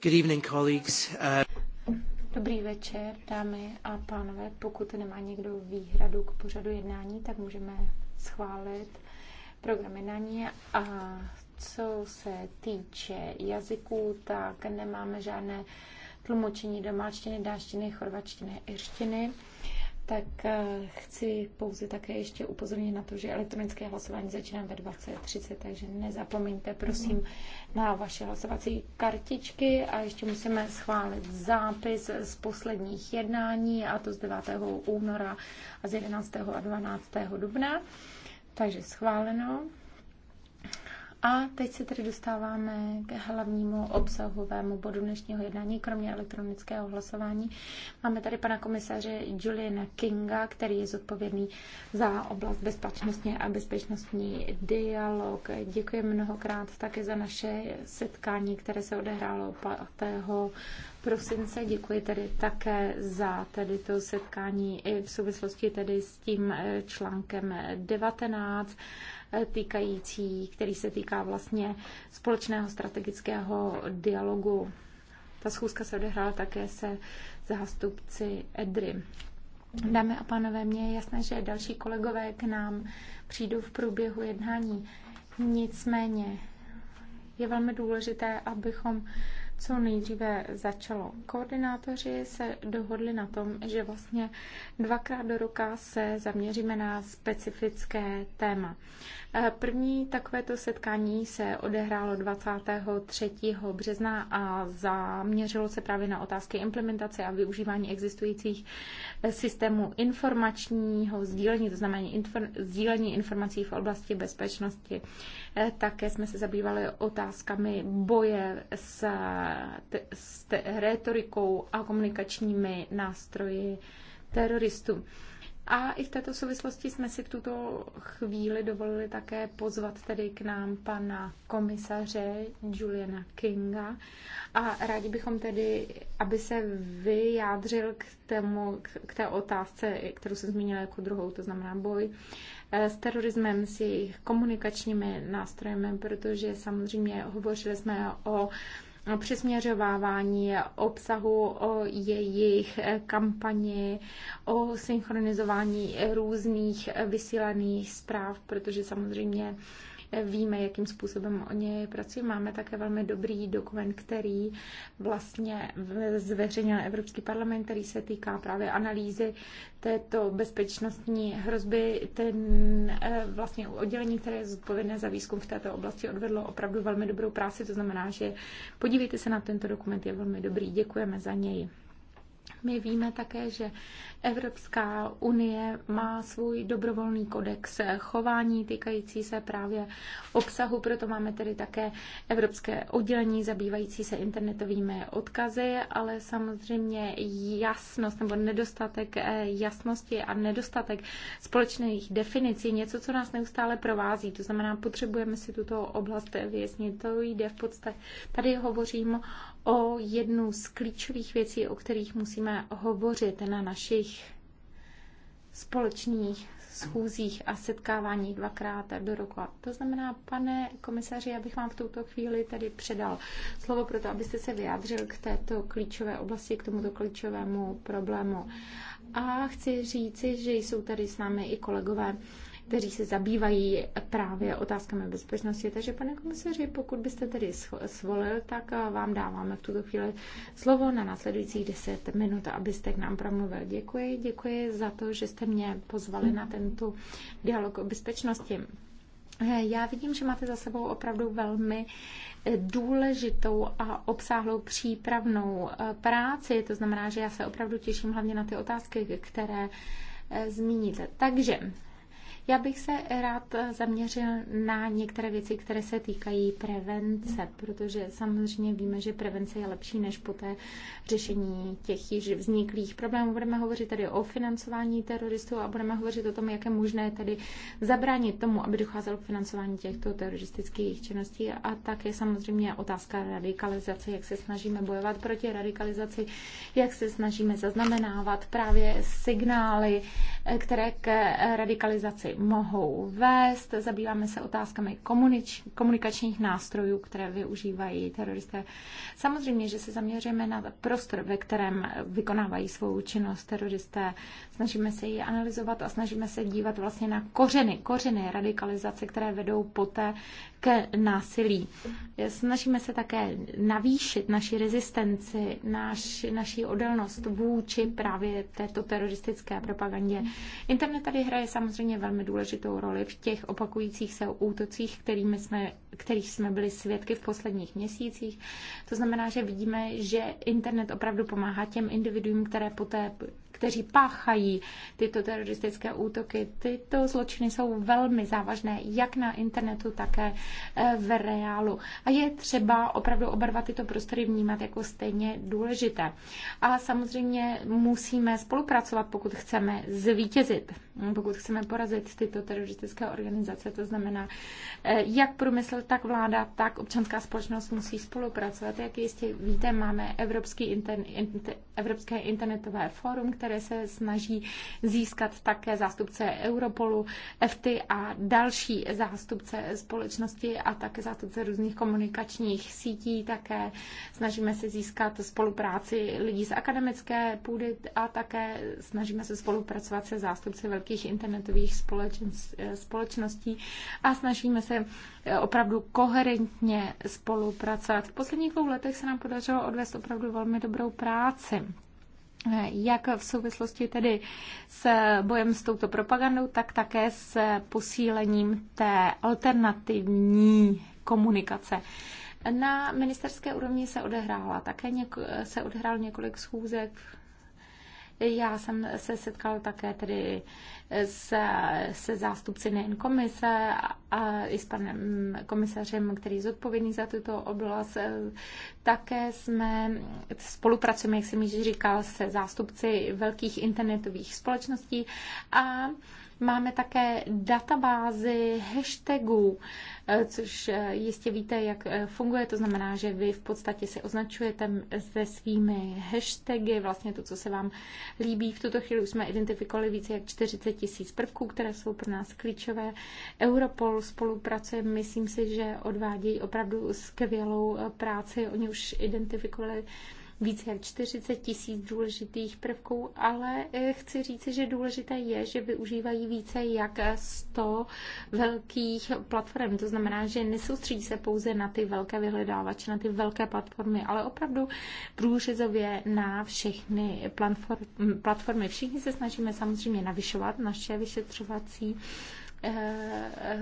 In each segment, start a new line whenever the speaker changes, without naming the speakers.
Good evening, colleagues. Uh,
Dobrý večer, dámy a pánové. Pokud nemá někdo výhradu k pořadu jednání, tak můžeme schválit program jednání. A co se týče jazyků, tak nemáme žádné tlumočení do malštiny, dáštiny, chorvačtiny, irštiny. Uh, tak eh, chci pouze také ještě upozornit na to, že elektronické hlasování začíná ve 20.30, takže nezapomeňte prosím mhm. na vaše hlasovací kartičky a ještě musíme schválit zápis z posledních jednání a to z 9. února a z 11. a 12. dubna. Takže schváleno. A teď se tedy dostáváme k hlavnímu obsahovému bodu dnešního jednání, kromě elektronického hlasování. Máme tady pana komisaře Juliana Kinga, který je zodpovědný za oblast bezpečnostní a bezpečnostní dialog. Děkuji mnohokrát také za naše setkání, které se odehrálo 5. prosince. Děkuji tedy také za tedy to setkání i v souvislosti tedy s tím eh, článkem 19 Eh, týkající, který se týká vlastně společného strategického dialogu. Ta schůzka se odehrála také se zástupci EDRY. Dámy a pánové, mě je jasné, že další kolegové k nám přijdou v průběhu jednání. Nicméně je velmi důležité, abychom co nejdříve začalo. Koordinátoři se dohodli na tom, že vlastně dvakrát do roka se zaměříme na specifické téma. E, první takovéto setkání se odehrálo 23. března a zaměřilo se právě na otázky implementace a využívání existujících e, systémů informačního sdílení, to znamená infor- sdílení informací v oblasti bezpečnosti. E, také jsme se zabývali otázkami boje s s retorikou a komunikačními nástroji teroristů. A i v této souvislosti jsme si v tuto chvíli dovolili také pozvat tedy k nám pana komisaře Juliana Kinga a rádi bychom tedy, aby se vyjádřil k, tému, k té otázce, kterou jsem zmínila jako druhou, to znamená boj eh, s terorismem, s jejich komunikačními nástrojem, protože samozřejmě hovořili jsme o přesměřovávání obsahu, o jejich kampani, o synchronizování různých vysílaných zpráv, protože samozřejmě víme, jakým způsobem o něj pracují. Máme také velmi dobrý dokument, který vlastně zveřejnil Evropský parlament, který se týká právě analýzy této bezpečnostní hrozby. Ten eh, vlastně oddělení, které je zodpovědné za výzkum v této oblasti, odvedlo opravdu velmi dobrou práci. To znamená, že podívejte se na tento dokument, je velmi dobrý. Děkujeme za něj. My víme také, že Evropská unie má svůj dobrovolný kodex chování týkající se právě obsahu, proto máme tedy také Evropské oddělení zabývající se internetovými odkazy, ale samozřejmě jasnost nebo nedostatek eh, jasnosti a nedostatek společných definicí, něco, co nás neustále provází. To znamená, potřebujeme si tuto oblast vyjasnit. To jde v podstatě. Tady hovořím o jednu z klíčových věcí, o kterých musíme hovořit na našich společných schůzích a setkávání dvakrát do roku. A to znamená, pane komisaři, já bych vám v tuto chvíli tady předal slovo pro to, abyste se vyjádřil k této klíčové oblasti, k tomuto klíčovému problému. A chci říci, že jsou tady s námi i kolegové kteří se zabývají právě otázkami bezpečnosti. Takže, pane komisaři, pokud byste tedy svolil, tak eh, vám dáváme v tuto chvíli slovo na následujících 10 minut, abyste k nám promluvil. Děkuji, děkuji za to, že jste mě pozvali na tento dialog o bezpečnosti. Eh, já vidím, že máte za sebou opravdu velmi eh, důležitou a obsáhlou přípravnou práci. To znamená, že já se opravdu těším hlavně na ty otázky, které zmíníte. Takže já bych se rád zaměřil na některé věci, které se týkají prevence, protože samozřejmě víme, že prevence je lepší než poté řešení těch již vzniklých problémů. Budeme hovořit tady o financování teroristů a budeme hovořit o tom, jak je možné tedy zabránit tomu, aby docházelo k financování těchto teroristických činností. A tak je samozřejmě otázka radikalizace, jak se snažíme bojovat proti radikalizaci, jak se snažíme zaznamenávat právě signály, které k radikalizaci mohou vést. Zabýváme se otázkami komunič, komunikačních nástrojů, které využívají teroristé. Samozřejmě, že se zaměříme na prostor, ve kterém vykonávají svou činnost teroristé. Snažíme se ji analyzovat a snažíme se dívat vlastně na kořeny, kořeny radikalizace, které vedou poté k násilí. Snažíme se také navýšit naši rezistenci, naš, naši odolnost vůči právě této teroristické propagandě. Internet tady hraje samozřejmě velmi důležitou roli v těch opakujících se útocích, kterými jsme, kterých jsme byli svědky v posledních měsících. To znamená, že vidíme, že internet opravdu pomáhá těm individuům, které poté kteří páchají tyto teroristické útoky. Tyto zločiny jsou velmi závažné, jak na internetu, také eh, v reálu. A je třeba opravdu oba tyto prostory vnímat jako stejně důležité. A samozřejmě musíme spolupracovat, pokud chceme zvítězit, pokud chceme porazit tyto teroristické organizace. To znamená, eh, jak průmysl, tak vláda, tak občanská společnost musí spolupracovat. Jak jistě víte, máme Evropský inter, inter, Evropské internetové fórum, které které se snaží získat také zástupce Europolu, FT a další zástupce společnosti a také zástupce různých komunikačních sítí. Také snažíme se získat spolupráci lidí z akademické půdy a také snažíme se spolupracovat se zástupci velkých internetových společností a snažíme se opravdu koherentně spolupracovat. V posledních dvou letech se nám podařilo odvést opravdu velmi dobrou práci jak v souvislosti tedy s bojem s touto propagandou, tak také s posílením té alternativní komunikace. Na ministerské úrovni se, odehrála také něko, se odehrál několik schůzek já jsem se setkala také tedy se, se zástupci nejen komise a i s panem komisařem, který je zodpovědný za tuto oblast. Také jsme spolupracujeme, jak jsem již říkal, se zástupci velkých internetových společností a Máme také databázy hashtagů, eh, což eh, jistě víte, jak eh, funguje. To znamená, že vy v podstatě si označujete se svými hashtagy vlastně to, co se vám líbí. V tuto chvíli jsme identifikovali více jak 40 tisíc prvků, které jsou pro nás klíčové. Europol spolupracuje, myslím si, že odvádějí opravdu skvělou práci. Oni už identifikovali více jak 40 tisíc důležitých prvků, ale eh, chci říci, že důležité je, že využívají více jak 100 velkých platform. To znamená, že nesoustředí se pouze na ty velké vyhledávače, na ty velké platformy, ale opravdu průřezově na všechny platformy. Všichni se snažíme samozřejmě navyšovat naše vyšetřovací Eh,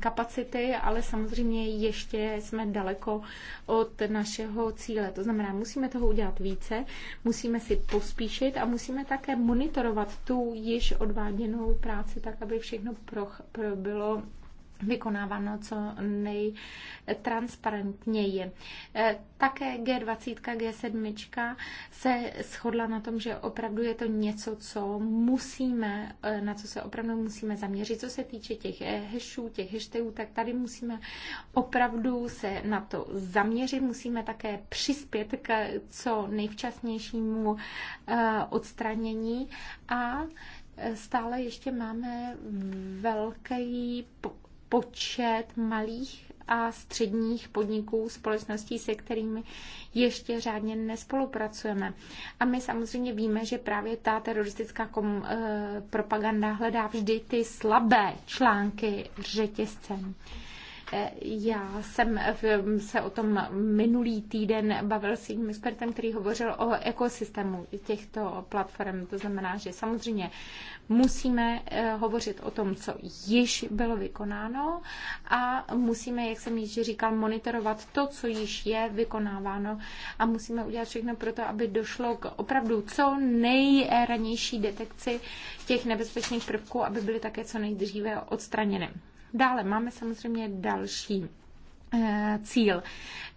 kapacity, ale samozřejmě ještě jsme daleko od našeho cíle. To znamená, musíme toho udělat více, musíme si pospíšit a musíme také monitorovat tu již odváděnou práci tak, aby všechno pro, pro bylo vykonáváno co nejtransparentněji. E, také G20, G7 se shodla na tom, že opravdu je to něco, co musíme, e, na co se opravdu musíme zaměřit. Co se týče těch e, hashů, těch hashtagů, tak tady musíme opravdu se na to zaměřit. Musíme také přispět k co nejvčasnějšímu odstranění a stále ještě máme velký počet malých a středních podniků, společností, se kterými ještě řádně nespolupracujeme. A my samozřejmě víme, že právě ta teroristická kom, eh, propaganda hledá vždy ty slabé články řetězcem. Eh, Eh, já jsem eh, se o tom minulý týden bavil s jedním expertem, který hovořil o ekosystému těchto platform. To znamená, že samozřejmě musíme eh, hovořit o tom, co již bylo vykonáno a musíme, jak jsem již říkal, monitorovat to, co již je vykonáváno a musíme udělat všechno pro to, aby došlo k opravdu co nejranější detekci těch nebezpečných prvků, aby byly také co nejdříve odstraněny. Dále máme samozřejmě další eh, cíl.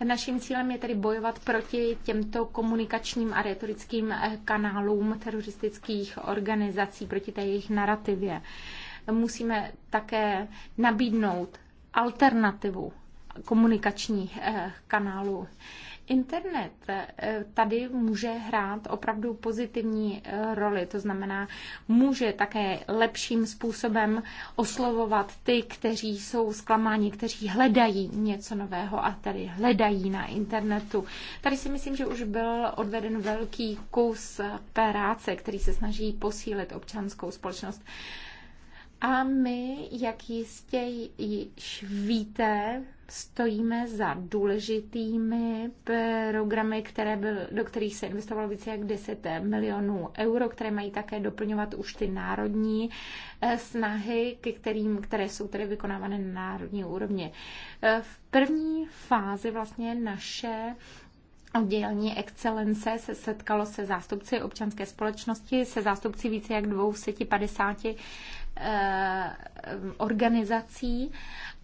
Naším cílem je tedy bojovat proti těmto komunikačním a retorickým eh, kanálům teroristických organizací, proti té jejich narrativě. Musíme také nabídnout alternativu komunikačních eh, kanálů. Internet eh, tady může hrát opravdu pozitivní eh, roli, to znamená, může také lepším způsobem oslovovat ty, kteří jsou zklamáni, kteří hledají něco nového a tady hledají na internetu. Tady si myslím, že už byl odveden velký kus eh, práce, který se snaží posílit občanskou společnost. A my, jak jistě již víte, stojíme za důležitými programy, které byl, do kterých se investovalo více jak 10 milionů euro, které mají také doplňovat už ty národní eh, snahy, ke kterým, které jsou tedy vykonávané na národní úrovni. Eh, v první fázi vlastně naše Oddělení excelence se setkalo se zástupci občanské společnosti, se zástupci více jak 250 Eh, organizací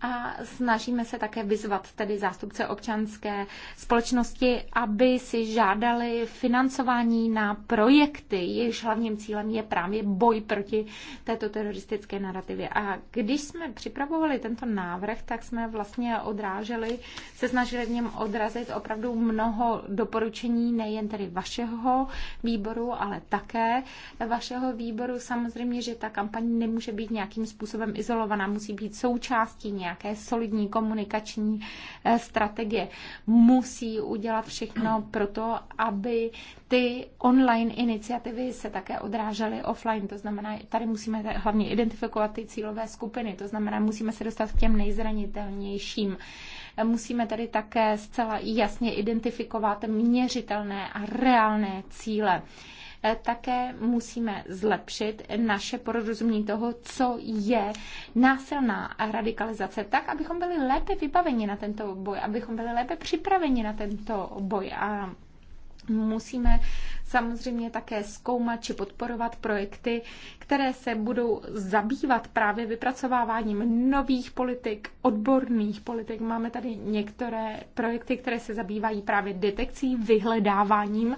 a snažíme se také vyzvat tedy zástupce občanské společnosti, aby si žádali financování na projekty, jejichž hlavním cílem je právě boj proti této teroristické narrativě. A když jsme připravovali tento návrh, tak jsme vlastně odráželi, se snažili v něm odrazit opravdu mnoho doporučení, nejen tedy vašeho výboru, ale také vašeho výboru. Samozřejmě, že ta kampaň nemůže být nějakým způsobem izolovaná, musí být součástí nějaké solidní komunikační eh, strategie. Musí udělat všechno pro to, aby ty online iniciativy se také odrážely offline. To znamená, tady musíme hlavně identifikovat ty cílové skupiny. To znamená, musíme se dostat k těm nejzranitelnějším musíme tady také zcela jasně identifikovat měřitelné a reálné cíle. Eh, také musíme zlepšit naše porozumění toho, co je násilná radikalizace, tak, abychom byli lépe vybaveni na tento boj, abychom byli lépe připraveni na tento boj a musíme samozřejmě také zkoumat či podporovat projekty, které se budou zabývat právě vypracováváním nových politik, odborných politik. Máme tady některé projekty, které se zabývají právě detekcí, vyhledáváním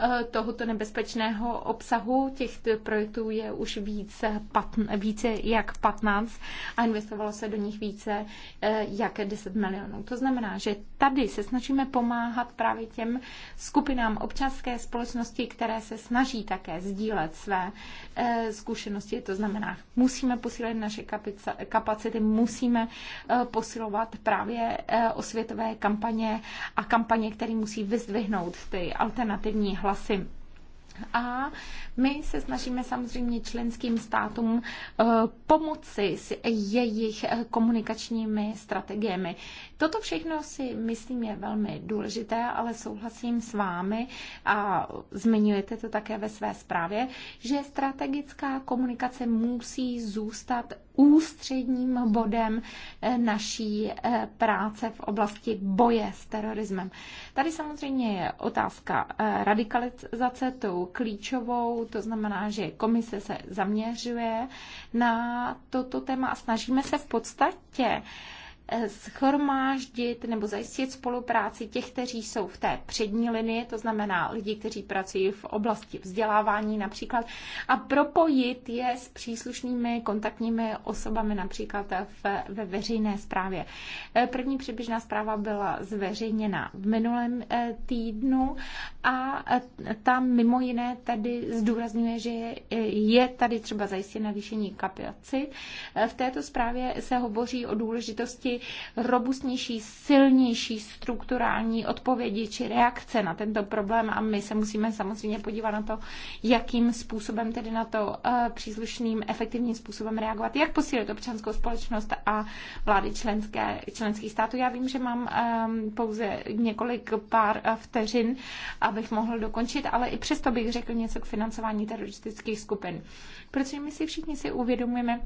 eh, tohoto nebezpečného obsahu. Těch projektů je už více, patn, více jak 15 a investovalo se do nich více eh, jak 10 milionů. To znamená, že tady se snažíme pomáhat právě těm skupinám občanské společnosti, společnosti, které se snaží také sdílet své eh, zkušenosti. To znamená, musíme posílit naše kapacity, musíme eh, posilovat právě eh, osvětové kampaně a kampaně, které musí vyzdvihnout ty alternativní hlasy a my se snažíme samozřejmě členským státům eh, pomoci s jejich eh, komunikačními strategiemi. Toto všechno si myslím je velmi důležité, ale souhlasím s vámi a zmiňujete to také ve své zprávě, že strategická komunikace musí zůstat ústředním bodem eh, naší eh, práce v oblasti boje s terorismem. Tady samozřejmě je otázka eh, radikalizace tou klíčovou, to znamená, že komise se zaměřuje na toto téma a snažíme se v podstatě schromáždit nebo zajistit spolupráci těch, kteří jsou v té přední linii, to znamená lidi, kteří pracují v oblasti vzdělávání například, a propojit je s příslušnými kontaktními osobami například v, ve veřejné správě. Eh, první přibližná zpráva byla zveřejněna v minulém eh, týdnu a eh, tam mimo jiné tady zdůrazňuje, že je tady třeba zajistit navýšení kapacit. V této zprávě se hovoří o důležitosti robustnější, silnější strukturální odpovědi či reakce na tento problém a my se musíme samozřejmě podívat na to, jakým způsobem tedy na to eh, příslušným efektivním způsobem reagovat, jak posílit občanskou společnost a vlády členské, členských států. Já vím, že mám ehm, pouze několik pár eh, vteřin, abych mohl dokončit, ale i přesto bych řekl něco k financování teroristických skupin. Protože my si všichni si uvědomujeme,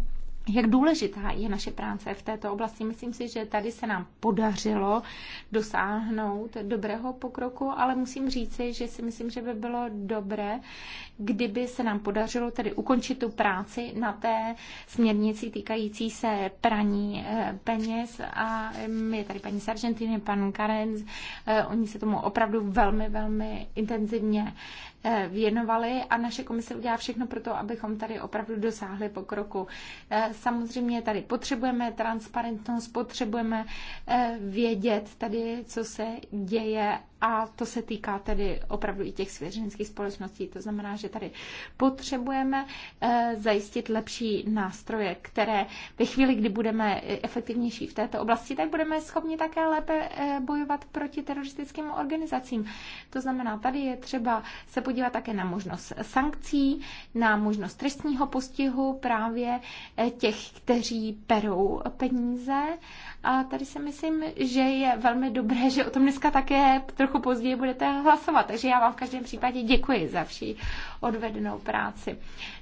jak důležitá je naše práce v této oblasti. Myslím si, že tady se nám podařilo dosáhnout dobrého pokroku, ale musím říci, že si myslím, že by bylo dobré, kdyby se nám podařilo tedy ukončit tu práci na té směrnici týkající se praní eh, peněz a je tady paní Sargentiny, pan Karenz, eh, oni se tomu opravdu velmi, velmi intenzivně Eh, věnovali a naše komise udělá všechno pro to, abychom tady opravdu dosáhli pokroku. Eh, samozřejmě tady potřebujeme transparentnost, potřebujeme eh, vědět tady, co se děje a to se týká tedy opravdu i těch svěřenských společností. To znamená, že tady potřebujeme eh, zajistit lepší nástroje, které ve chvíli, kdy budeme eh, efektivnější v této oblasti, tak budeme schopni také lépe eh, bojovat proti teroristickým organizacím. To znamená, tady je třeba se podívat také na možnost sankcí, na možnost trestního postihu právě těch, kteří perou peníze a tady si myslím, že je velmi dobré, že o tom dneska také trochu později budete hlasovat. Takže já vám v každém případě děkuji za vší odvedenou práci.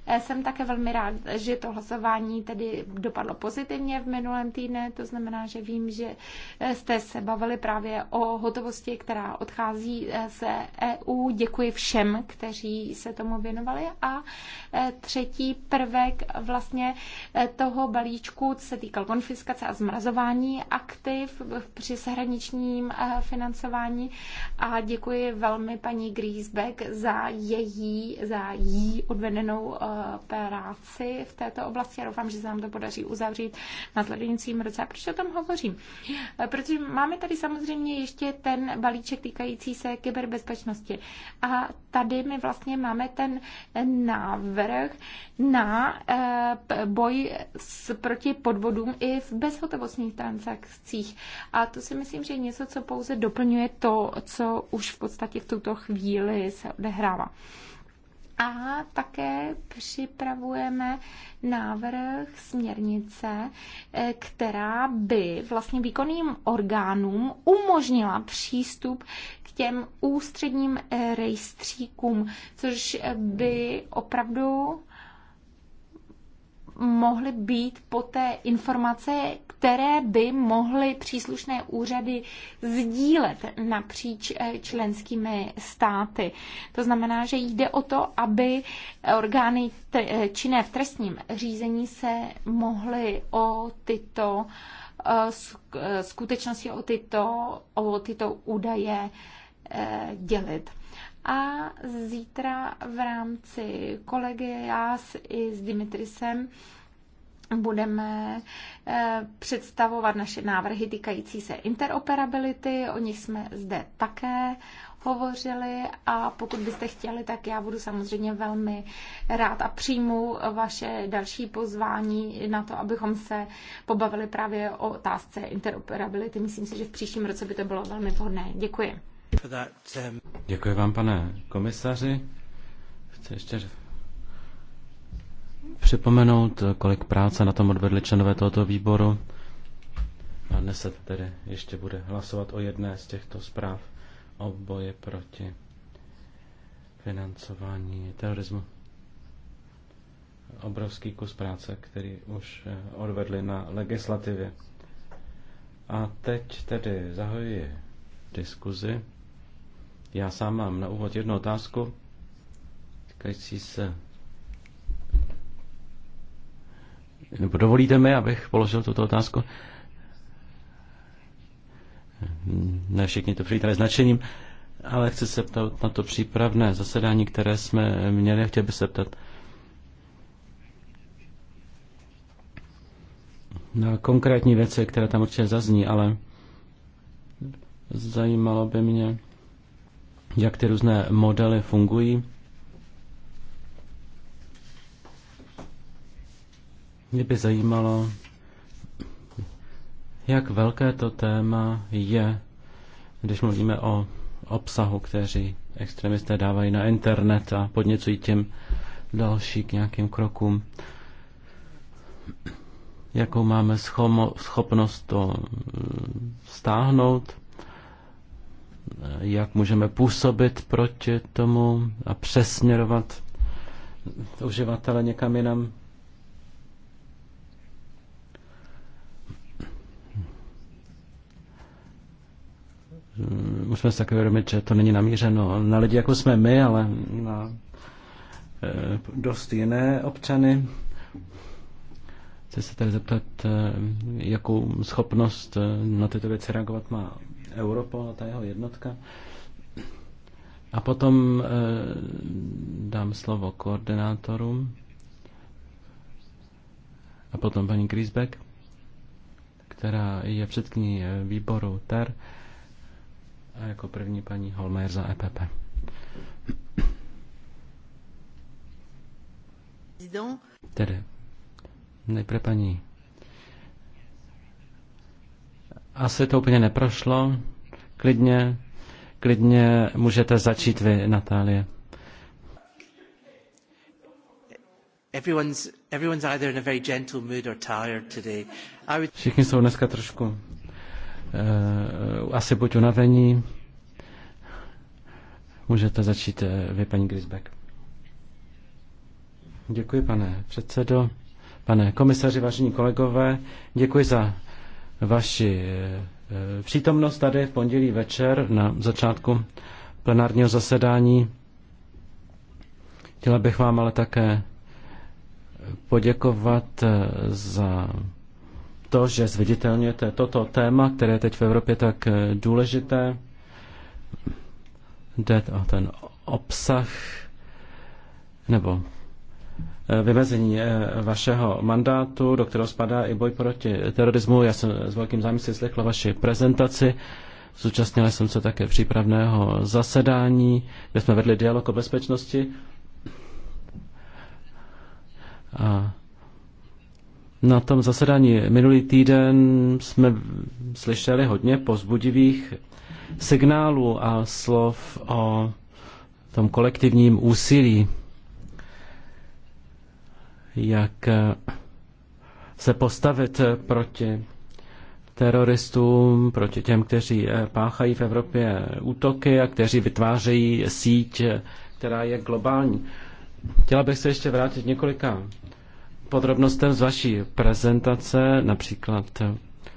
Eh, Jsem také velmi rád, že to hlasování tedy dopadlo pozitivně v minulém týdne. To znamená, že vím, že eh, jste se bavili právě o hotovosti, která odchází eh, z EU. Děkuji všem, kteří se tomu věnovali. A třetí prvek vlastně toho balíčku se týkal konfiskace a zmrazování aktiv při zahraničním eh, financování a děkuji velmi paní Griesbeck za její, za jí odvedenou eh, práci v této oblasti. Já doufám, že se nám to podaří uzavřít na sledujícím roce. A proč o tom hovořím? Eh, protože máme tady samozřejmě ještě ten balíček týkající se kyberbezpečnosti. A tady my vlastně máme ten návrh na boj s, proti podvodům i v bezhotovostních transakcích transakcích. A to si myslím, že je něco, co pouze doplňuje to, co už v podstatě v tuto chvíli se odehrává. A také připravujeme návrh směrnice, eh, která by vlastně výkonným orgánům umožnila přístup k těm ústředním eh, rejstříkům, což eh, by opravdu mohly být poté informace, které by mohly příslušné úřady sdílet napříč eh, členskými státy. To znamená, že jde o to, aby orgány eh, činné v trestním řízení se mohly o tyto eh, skutečnosti, o tyto, o tyto údaje dělit. A zítra v rámci já s, i s Dimitrisem budeme eh, představovat naše návrhy týkající se interoperability, o nich jsme zde také hovořili a pokud byste chtěli, tak já budu samozřejmě velmi rád a přijmu vaše další pozvání na to, abychom se pobavili právě o otázce interoperability. Myslím si, že v příštím roce by to bylo velmi vhodné. Děkuji.
Um, Děkuji vám, pane komisaři. Chci ještě připomenout, kolik práce na tom odvedli členové tohoto výboru. A dnes se tedy ještě bude hlasovat o jedné z těchto zpráv o boje proti financování terorismu. Obrovský kus práce, který už eh, odvedli na legislativě. A teď tedy zahojuji diskuzi. Já sám mám na úvod jednu otázku týkající se nebo dovolíte mi, abych položil tuto otázku? Ne všichni to přijítali značením, ale chci se ptat na to přípravné zasedání, které jsme měli, chtěl bych se ptat na konkrétní věci, které tam určitě zazní, ale zajímalo by mě, jak ty různé modely fungují Mě by zajímalo, jak velké to téma je, když mluvíme o obsahu, kteří extremisté dávají na internet a podněcují tím další k nějakým krokům. Jakou máme schopnost to mm, stáhnout, jak můžeme působit proti tomu a přesměrovat uživatele někam jinam. Mm, musíme se také uvědomit, že to není namířeno na lidi, jako jsme my, ale na eh, dost jiné občany. Chci se tady zeptat, eh, jakou schopnost eh, na tyto věci reagovat má Europol a ta jeho jednotka. A potom dám slovo koordinátorům. A potom paní Griesbeck, která je předkní výboru TER. A jako první paní Holmér za EPP. Tedy, nejprve paní. Asi to úplně neprošlo. Klidně, klidně můžete začít vy, Natálie. Všichni jsou dneska trošku Eh, asi buď unavení. Můžete začít eh, vy, paní Grisbeck. Děkuji, pane předsedo, pane komisaři, vážení kolegové. Děkuji za vaši eh, přítomnost tady v pondělí večer na začátku plenárního zasedání. Chtěla bych vám ale také poděkovat za to, že zviditelňujete toto téma, které je teď v Evropě tak eh, důležité. Jde o ten obsah nebo eh, vymezení eh, vašeho mandátu, do kterého spadá i boj proti terorismu. Já jsem s velkým zájmem si slychla vaši prezentaci. Zúčastnila jsem se také přípravného zasedání, kde jsme vedli dialog o bezpečnosti. A na tom zasedání minulý týden jsme slyšeli hodně pozbudivých signálů a slov o tom kolektivním úsilí, jak se postavit proti teroristům, proti těm, kteří páchají v Evropě útoky a kteří vytvářejí síť, která je globální. Chtěla bych se ještě vrátit několika podrobnostem z vaší prezentace, například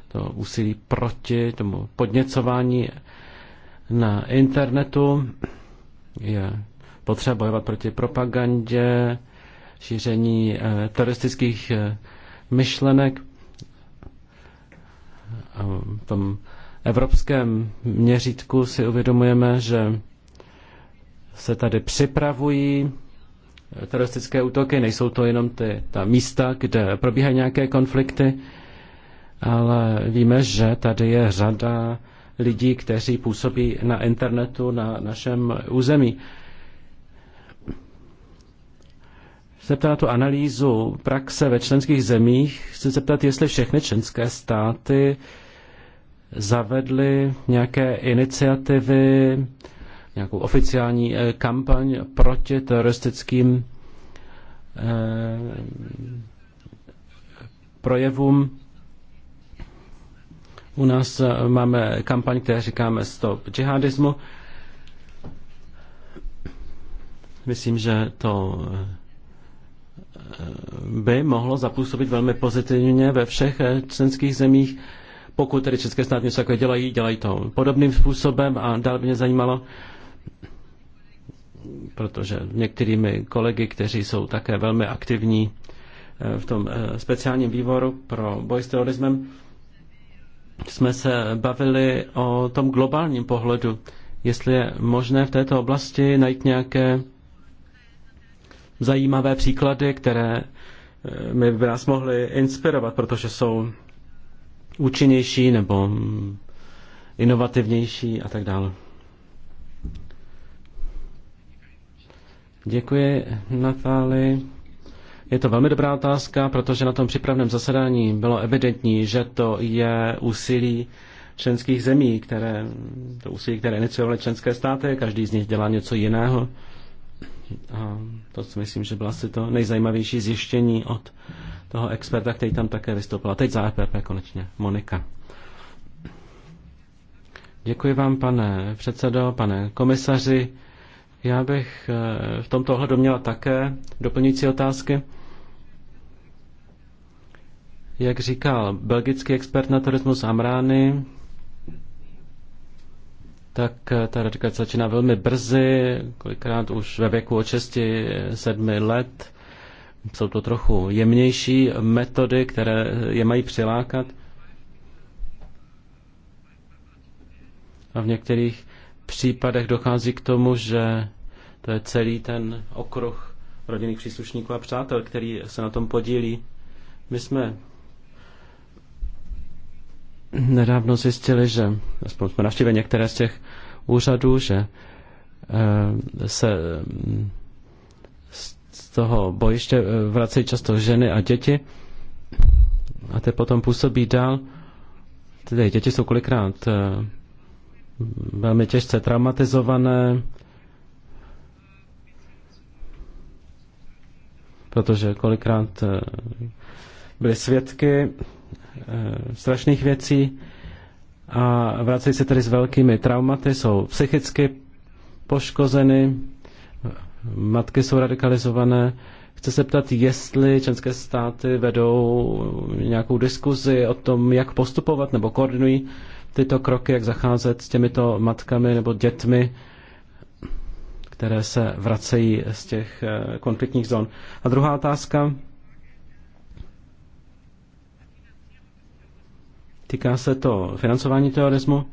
to úsilí proti tomu podněcování na internetu, je potřeba bojovat proti propagandě, šíření eh, teroristických eh, myšlenek. A v tom evropském měřítku si uvědomujeme, že se tady připravují teroristické útoky, nejsou to jenom ty, ta místa, kde probíhají nějaké konflikty, ale víme, že tady je řada lidí, kteří působí na internetu na našem území. Zeptat na tu analýzu praxe ve členských zemích, chci zeptat, jestli všechny členské státy zavedly nějaké iniciativy nějakou oficiální eh, kampaň proti teroristickým eh, projevům. U nás eh, máme kampaň, které říkáme Stop džihadismu. Myslím, že to by mohlo zapůsobit velmi pozitivně ve všech členských zemích. Pokud tedy české státy něco takové dělají, dělají to podobným způsobem a dál by mě zajímalo, protože některými kolegy, kteří jsou také velmi aktivní eh, v tom eh, speciálním výboru pro boj s terorismem, jsme se bavili o tom globálním pohledu, jestli je možné v této oblasti najít nějaké zajímavé příklady, které eh, my by nás mohly inspirovat, protože jsou účinnější nebo inovativnější a tak dále. Děkuji, Natáli. Je to velmi dobrá otázka, protože na tom přípravném zasedání bylo evidentní, že to je úsilí členských zemí, které, to úsilí, které iniciovaly členské státy, každý z nich dělá něco jiného. A to si myslím, že bylo asi to nejzajímavější zjištění od toho experta, který tam také vystoupila. Teď za EPP konečně, Monika. Děkuji vám, pane předsedo, pane komisaři. Já bych eh, v tomto ohledu měla také doplňující otázky. Jak říkal belgický expert na turismus Amrány, tak eh, ta radikace začíná velmi brzy, kolikrát už ve věku od 6, 7 let. Jsou to trochu jemnější metody, které je mají přilákat. A v některých případech dochází k tomu, že to je celý ten okruh rodinných příslušníků a přátel, který se na tom podílí. My jsme nedávno zjistili, že, aspoň jsme navštívili některé z těch úřadů, že eh, se eh, z toho bojiště eh, vracejí často ženy a děti a ty potom působí dál. Tedy děti jsou kolikrát velmi těžce traumatizované, protože kolikrát eh, byli svědky eh, strašných věcí a vracejí se tedy s velkými traumaty, jsou psychicky poškozeny, matky jsou radikalizované, Chci se ptat, jestli členské státy vedou nějakou diskuzi o tom, jak postupovat nebo koordinují tyto kroky, jak zacházet s těmito matkami nebo dětmi, které se vracejí z těch eh, konfliktních zón. A druhá otázka týká se to financování terorismu.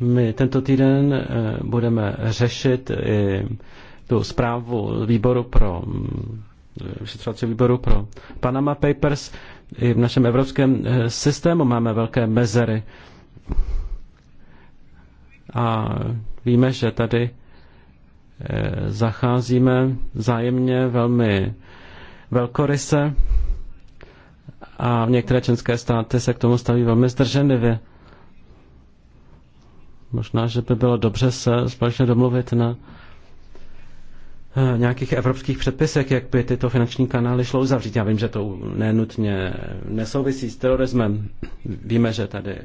My tento týden eh, budeme řešit i tu zprávu výboru pro mm, vyšetřovací výboru pro Panama Papers. I v našem evropském eh, systému máme velké mezery. A víme, že tady eh, zacházíme zájemně velmi velkoryse a některé členské státy se k tomu staví velmi zdrženlivě. Možná, že by bylo dobře se společně domluvit na Eh, nějakých evropských předpisech, jak by tyto finanční kanály šlo uzavřít. Já vím, že to nenutně nesouvisí s terorismem. Víme, že tady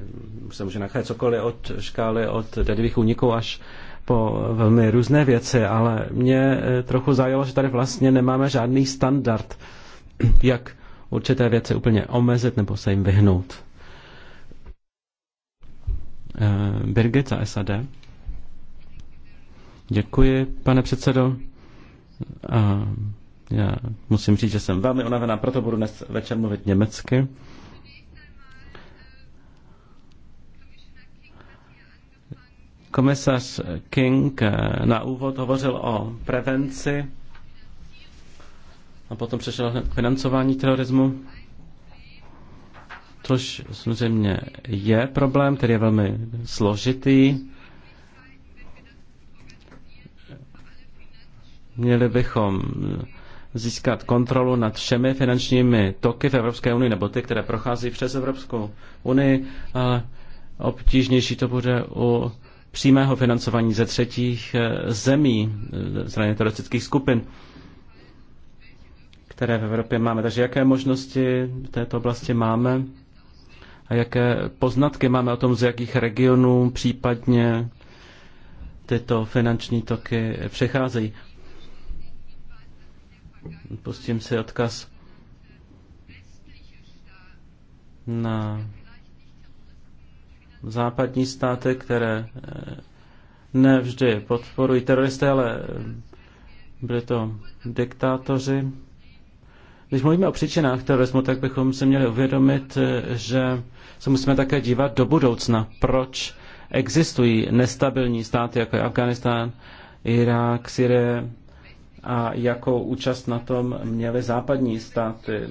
se může nacházet cokoliv od škály, od dedivých úniků až po velmi různé věci, ale mě eh, trochu zajalo, že tady vlastně nemáme žádný standard, jak určité věci úplně omezit nebo se jim vyhnout. Eh, Birgit za SAD. Děkuji, pane předsedo. A já musím říct, že jsem velmi unavená, proto budu dnes večer mluvit německy. Komisař King na úvod hovořil o prevenci a potom přešel k financování terorismu, což samozřejmě je problém, který je velmi složitý Měli bychom eh, získat kontrolu nad všemi finančními toky v Evropské unii, nebo ty, které prochází přes Evropskou unii. A obtížnější to bude u přímého financování ze třetích eh, zemí, eh, zraně teroristických skupin, které v Evropě máme. Takže jaké možnosti v této oblasti máme a jaké poznatky máme o tom, z jakých regionů případně tyto finanční toky přecházejí. Pustím si odkaz na západní státy, které eh, nevždy podporují teroristy, ale eh, byli to diktátoři. Když mluvíme o příčinách terorismu, tak bychom si měli uvědomit, eh, že se musíme také dívat do budoucna, proč existují nestabilní státy, jako je Afganistán, Irák, Syrie, a jakou účast na tom měly západní státy.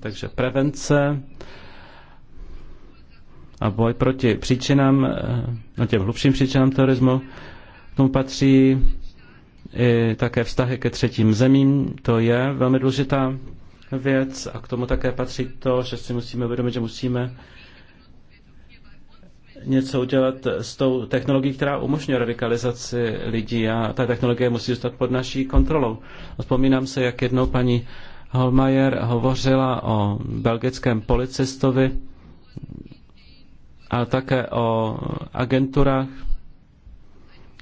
Takže prevence a boj proti příčinám, no těm hlubším příčinám terorismu, k tomu patří i také vztahy ke třetím zemím, to je velmi důležitá věc a k tomu také patří to, že si musíme uvědomit, že musíme něco udělat s tou technologií, která umožňuje radikalizaci lidí a ta technologie musí zůstat pod naší kontrolou. Vzpomínám se, jak jednou paní Holmajer hovořila o belgickém policistovi, ale také o agenturách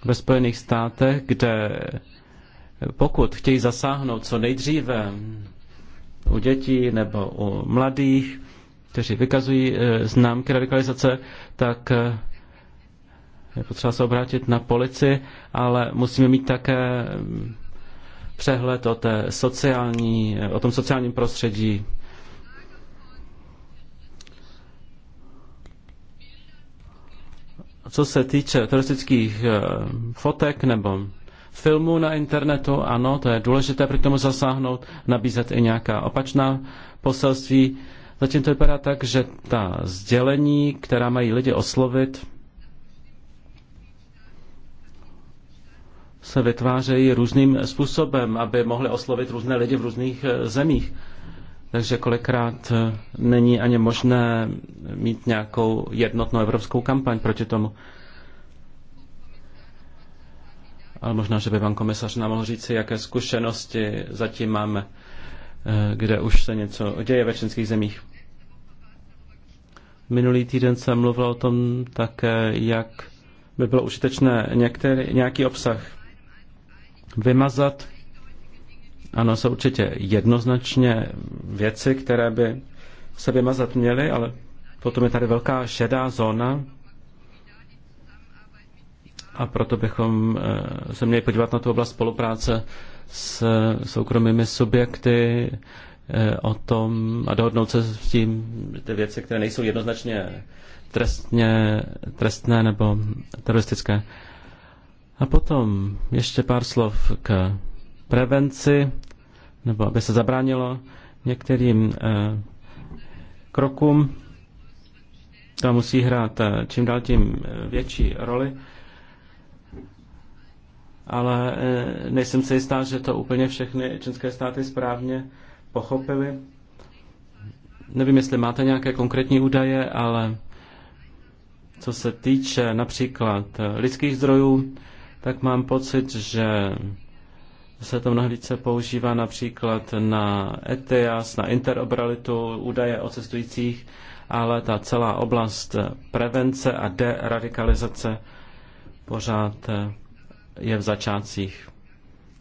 ve Spojených státech, kde pokud chtějí zasáhnout co nejdříve u dětí nebo u mladých, kteří vykazují eh, známky radikalizace, tak eh, je potřeba se obrátit na policii, ale musíme mít také mm, přehled o, té sociální, eh, o tom sociálním prostředí. Co se týče teroristických fotek nebo filmů na internetu, ano, to je důležité, při tomu zasáhnout, nabízet i nějaká opačná poselství. Zatím to vypadá tak, že ta sdělení, která mají lidi oslovit, se vytvářejí různým způsobem, aby mohli oslovit různé lidi v různých eh, zemích. Takže kolikrát eh, není ani možné mít nějakou jednotnou evropskou kampaň proti tomu. Ale možná, že by pan komisař nám mohl říci, jaké zkušenosti zatím máme. Eh, kde už se něco děje ve členských zemích. Minulý týden jsem mluvil o tom také, jak by bylo užitečné některý, nějaký obsah vymazat. Ano, jsou určitě jednoznačně věci, které by se vymazat měly, ale potom je tady velká šedá zóna a proto bychom eh, se měli podívat na tu oblast spolupráce s soukromými subjekty eh, o tom a dohodnout se s tím ty věci, které nejsou jednoznačně trestně, trestné nebo teroristické. A potom ještě pár slov k prevenci, nebo aby se zabránilo některým eh, krokům. Ta musí hrát eh, čím dál tím větší roli ale e, nejsem si jistá, že to úplně všechny české státy správně pochopili. Nevím, jestli máte nějaké konkrétní údaje, ale co se týče například e, lidských zdrojů, tak mám pocit, že se to mnohem více používá například na ETIAS, na interoperabilitu, údaje o cestujících, ale ta celá oblast prevence a deradikalizace pořád e, je v začátcích,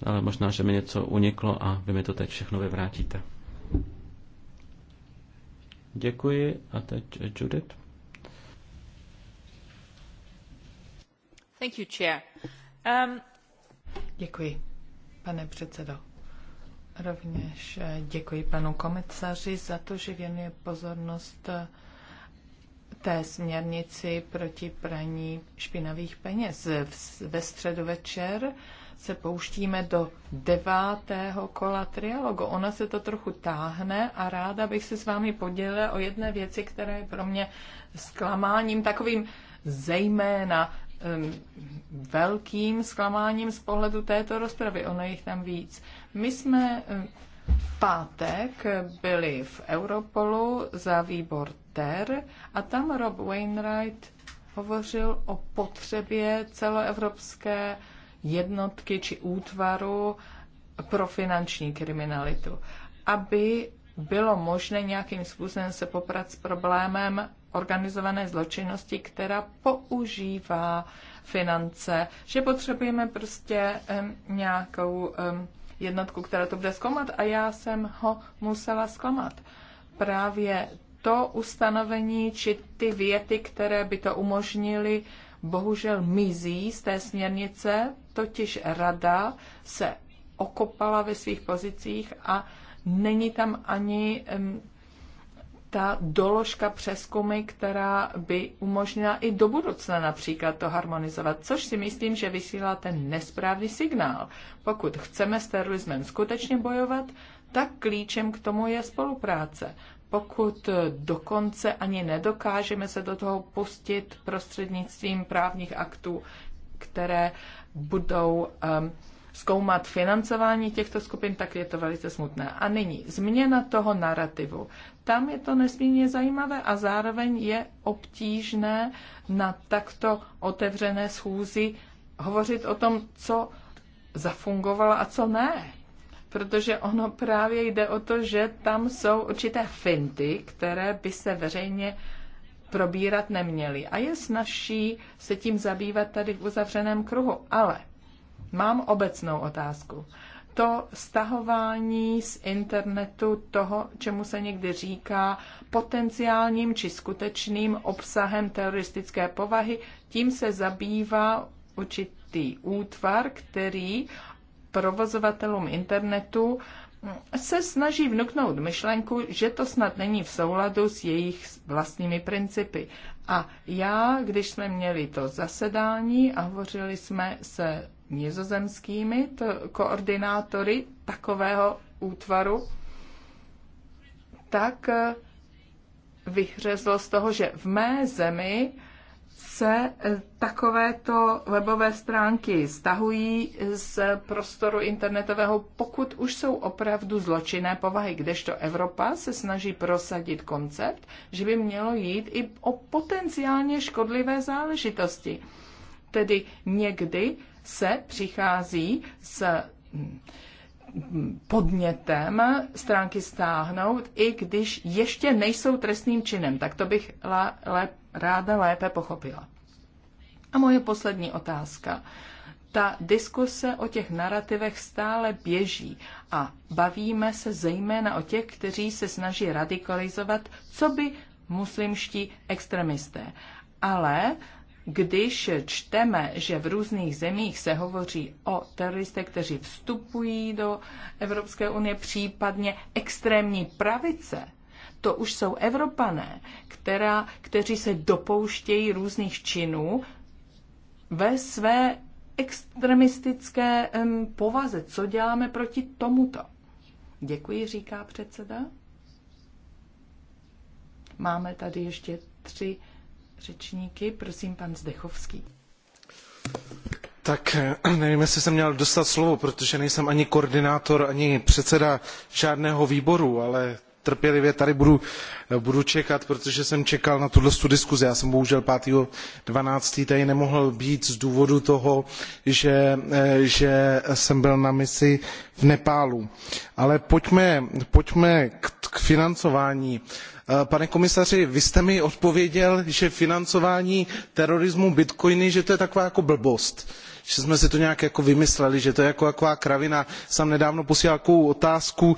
ale možná, že mi něco uniklo a vy mi to teď všechno vyvrátíte. Děkuji a teď Judith.
Thank you, chair. Um... Děkuji, pane předsedo. Rovněž eh, děkuji panu komisaři za to, že věnuje pozornost eh, té směrnici proti praní špinavých peněz. Ve středu večer se pouštíme do devátého kola trialogu. Ona se to trochu táhne a ráda bych se s vámi podělila o jedné věci, která je pro mě zklamáním, takovým zejména um, velkým zklamáním z pohledu této rozpravy. Ono jich tam víc. My jsme v pátek byli v Europolu za výbor Ter a tam Rob Wainwright hovořil o potřebě celoevropské jednotky či útvaru pro finanční kriminalitu, aby bylo možné nějakým způsobem se poprat s problémem organizované zločinnosti, která používá finance, že potřebujeme prostě um, nějakou um, jednotku, která to bude zkoumat a já jsem ho musela zkoumat. Právě to ustanovení či ty věty, které by to umožnily, bohužel mizí z té směrnice, totiž rada se okopala ve svých pozicích a není tam ani ta doložka přeskumy, která by umožnila i do budoucna například to harmonizovat, což si myslím, že vysílá ten nesprávný signál. Pokud chceme s terorismem skutečně bojovat, tak klíčem k tomu je spolupráce pokud dokonce ani nedokážeme se do toho pustit prostřednictvím právních aktů, které budou um, zkoumat financování těchto skupin, tak je to velice smutné. A nyní změna toho narrativu. Tam je to nesmírně zajímavé a zároveň je obtížné na takto otevřené schůzi hovořit o tom, co zafungovalo a co ne protože ono právě jde o to, že tam jsou určité finty, které by se veřejně probírat neměly. A je snažší se tím zabývat tady v uzavřeném kruhu. Ale mám obecnou otázku. To stahování z internetu toho, čemu se někdy říká potenciálním či skutečným obsahem teroristické povahy, tím se zabývá určitý útvar, který provozovatelům internetu se snaží vnuknout myšlenku, že to snad není v souladu s jejich vlastními principy. A já, když jsme měli to zasedání a hovořili jsme se nizozemskými to, koordinátory takového útvaru, tak vyhřezlo z toho, že v mé zemi se eh, takovéto webové stránky stahují z prostoru internetového, pokud už jsou opravdu zločinné povahy, kdežto Evropa se snaží prosadit koncept, že by mělo jít i o potenciálně škodlivé záležitosti. Tedy někdy se přichází s hm, podnětem stránky stáhnout, i když ještě nejsou trestným činem. Tak to bych la, le, ráda lépe pochopila. A moje poslední otázka. Ta diskuse o těch narrativech stále běží a bavíme se zejména o těch, kteří se snaží radikalizovat, co by muslimští extremisté. Ale když čteme, že v různých zemích se hovoří o teroristech, kteří vstupují do Evropské unie, případně extrémní pravice, to už jsou Evropané, která, kteří se dopouštějí různých činů ve své extremistické um, povaze. Co děláme proti tomuto? Děkuji, říká předseda. Máme tady ještě tři řečníky. Prosím, pan Zdechovský.
Tak eh, nevím, jestli jsem měl dostat slovo, protože nejsem ani koordinátor, ani předseda žádného výboru, ale trpělivě tady budu, eh, budu čekat, protože jsem čekal na tuhle diskuzi. Já jsem bohužel 5.12. tady nemohl být z důvodu toho, že, eh, že jsem byl na misi v Nepálu. Ale pojďme, pojďme k, k financování. Uh, Eh, pane komisaři vy jste mi odpověděl že financování terorismu bitcoiny že to je taková jako blbost že jsme si to nějak jako vymysleli že to je jako taková kravina. jsem nedávno posílal takovou otázku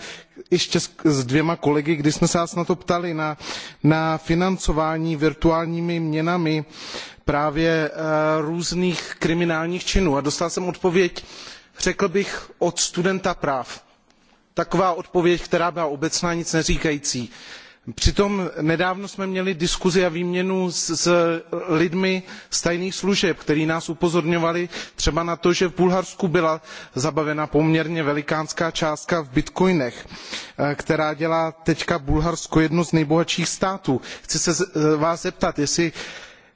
ještě s, dvěma kolegy kdy jsme se vás na to ptali na, na financování virtuálními měnami právě eh, různých kriminálních činů a dostal jsem odpověď řekl bych od studenta práv taková odpověď která byla obecná nic neříkající přitom nedávno jsme měli diskusi a výměnu s, lidmi z tajných služeb kteří nás upozorňovali třeba na to že v bulharsku byla zabavena poměrně velikánská částka v bitcoinech eh, která dělá teď bulharsko jedno z nejbohatších států. chci se eh, vás zeptat jestli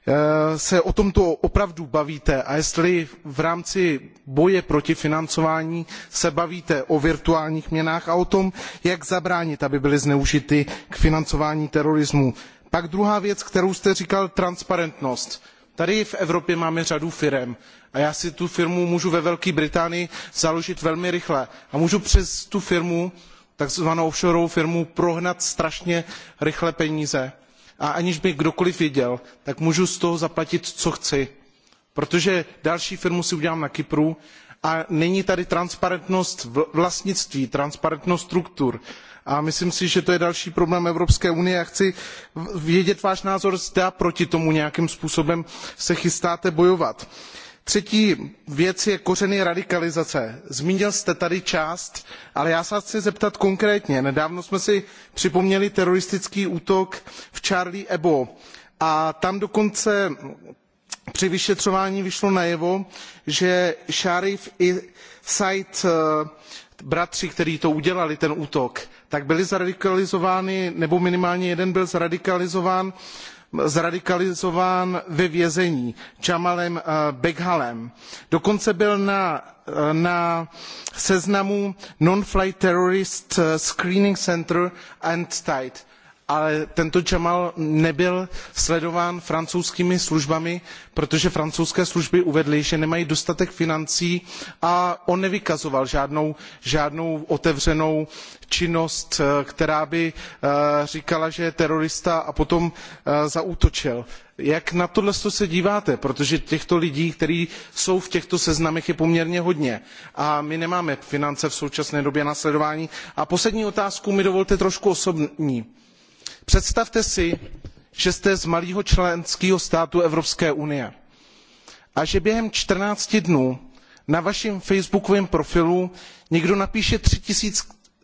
Eh, se o tomto opravdu bavíte a jestli v rámci boje proti financování se bavíte o virtuálních měnách a o tom jak zabránit aby byly zneužity k financování terorismu. pak druhá věc kterou jste říkal transparentnost. tady v evropě máme řadu firem a já si tu firmu můžu ve velké británii založit velmi rychle a můžu přes tu firmu takzvanou offshoreovou firmu prohnat strašně rychle peníze a aniž by kdokoliv věděl, tak můžu z toho zaplatit, co chci. Protože další firmu si udělám na Kypru a není tady transparentnost vlastnictví, transparentnost struktur. A myslím si, že to je další problém Evropské unie a chci vědět váš názor, zda proti tomu nějakým způsobem se chystáte bojovat. Uh, třetí věc je kořeny radikalizace. zmínil jste tady část ale já se vás chci zeptat konkrétně nedávno jsme si připomněli teroristický útok v charlie hebdo a tam dokonce při vyšetřování vyšlo najevo že šarif i sajt eh, bratři kteří to udělali ten útok tak byli zradikalizováni nebo minimálně jeden byl zradikalizován zradikalizován ve vězení Čamalem eh, Beghalem. Dokonce byl na, eh, na seznamu Non-Flight Terrorist eh, Screening Center and Tide ale tento Jamal nebyl sledován francouzskými službami, protože francouzské služby uvedly, že nemají dostatek financí a on nevykazoval žádnou, žádnou otevřenou činnost, eh, která by eh, říkala, že je terorista a potom eh, zaútočil. Jak na tohle se díváte? Protože těchto lidí, kteří jsou v těchto seznamech, je poměrně hodně. A my nemáme finance v současné době na sledování. A poslední otázku mi dovolte trošku osobní představte si že jste z malého členského státu evropské unie a že během čtrnácti dnů na vašem facebookovém profilu někdo napíše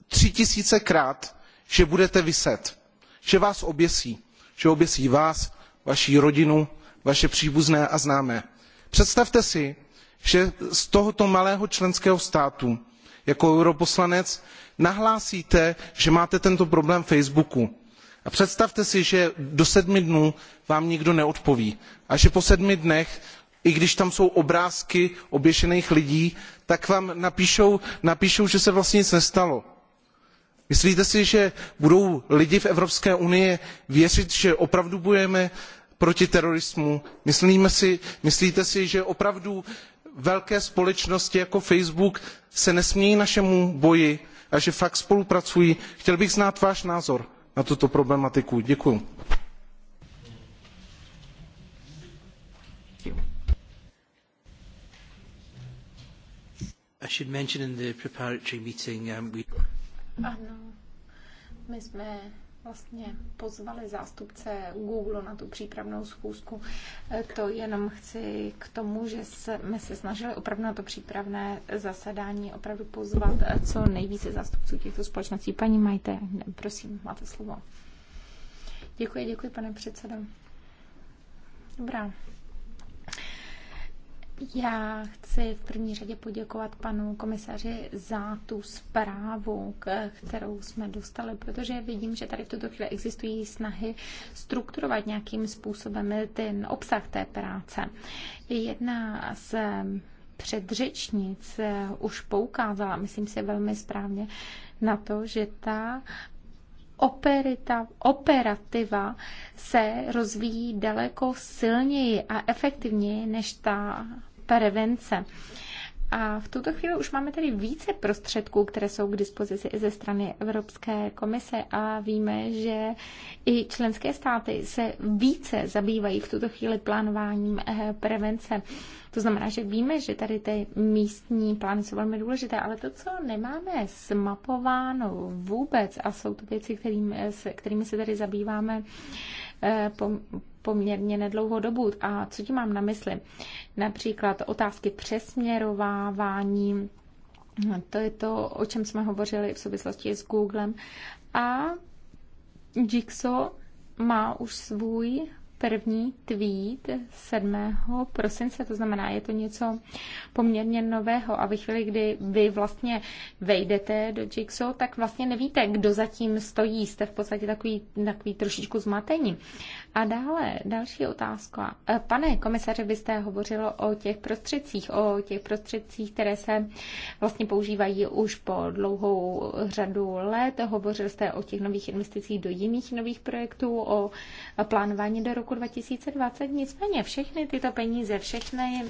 tři tisícekrát že budete viset že vás oběsí že oběsí vás vaši rodinu vaše příbuzné a známé. představte si že z tohoto malého členského státu jako europoslanec nahlásíte že máte tento problém facebooku a představte si že do sedmi dnů vám nikdo neodpoví a že po sedmi dnech i když tam jsou obrázky oběšených lidí tak vám napíšou, napíšou že se vlastně nic nestalo. myslíte si že budou lidé v evropské unii věřit že opravdu bojujeme proti terorismu? Si, myslíte si že opravdu velké společnosti jako facebook se nesmějí našemu boji a že fakt spolupracují? chtěl bych znát váš názor na tuto problematiku. Děkuji. I should mention in the preparatory meeting um, we...
Ano, my jsme vlastně pozvali zástupce Google na tu přípravnou schůzku. E, to jenom chci k tomu, že jsme se snažili opravdu na to přípravné zasedání opravdu pozvat e, co nejvíce zástupců těchto společností. Paní Majte, prosím, máte slovo. Děkuji, děkuji, pane předsedo. Dobrá, já chci v první řadě poděkovat panu komisaři za tu zprávu, kterou jsme dostali, protože vidím, že tady v tuto chvíli existují snahy strukturovat nějakým způsobem ten obsah té práce. Jedna z předřečnic už poukázala, myslím si velmi správně, na to, že ta operita, operativa se rozvíjí daleko silněji a efektivněji než ta prevence. A v tuto chvíli už máme tedy více prostředků, které jsou k dispozici i ze strany Evropské komise a víme, že i členské státy se více zabývají v tuto chvíli plánováním eh, prevence. To znamená, že víme, že tady ty místní plány jsou velmi důležité, ale to, co nemáme smapováno vůbec a jsou to věci, kterým se, kterými se tady zabýváme Eh, poměrně nedlouhou dobu. A co ti mám na mysli? Například otázky přesměrovávání, to je to, o čem jsme hovořili v souvislosti s Googlem. A Jigsaw má už svůj první tweet 7. prosince, to znamená, je to něco poměrně nového a ve chvíli, kdy vy vlastně vejdete do Jigsaw, tak vlastně nevíte, kdo zatím stojí, jste v podstatě takový, takový trošičku zmatení. A dále, další otázka. Eh, pane komisaři, byste hovořilo o těch prostředcích, o těch prostředcích, které se vlastně používají už po dlouhou řadu let. Hovořil jste o těch nových investicích do jiných nových projektů, o plánování do roku 2020. Nicméně všechny tyto peníze, všechny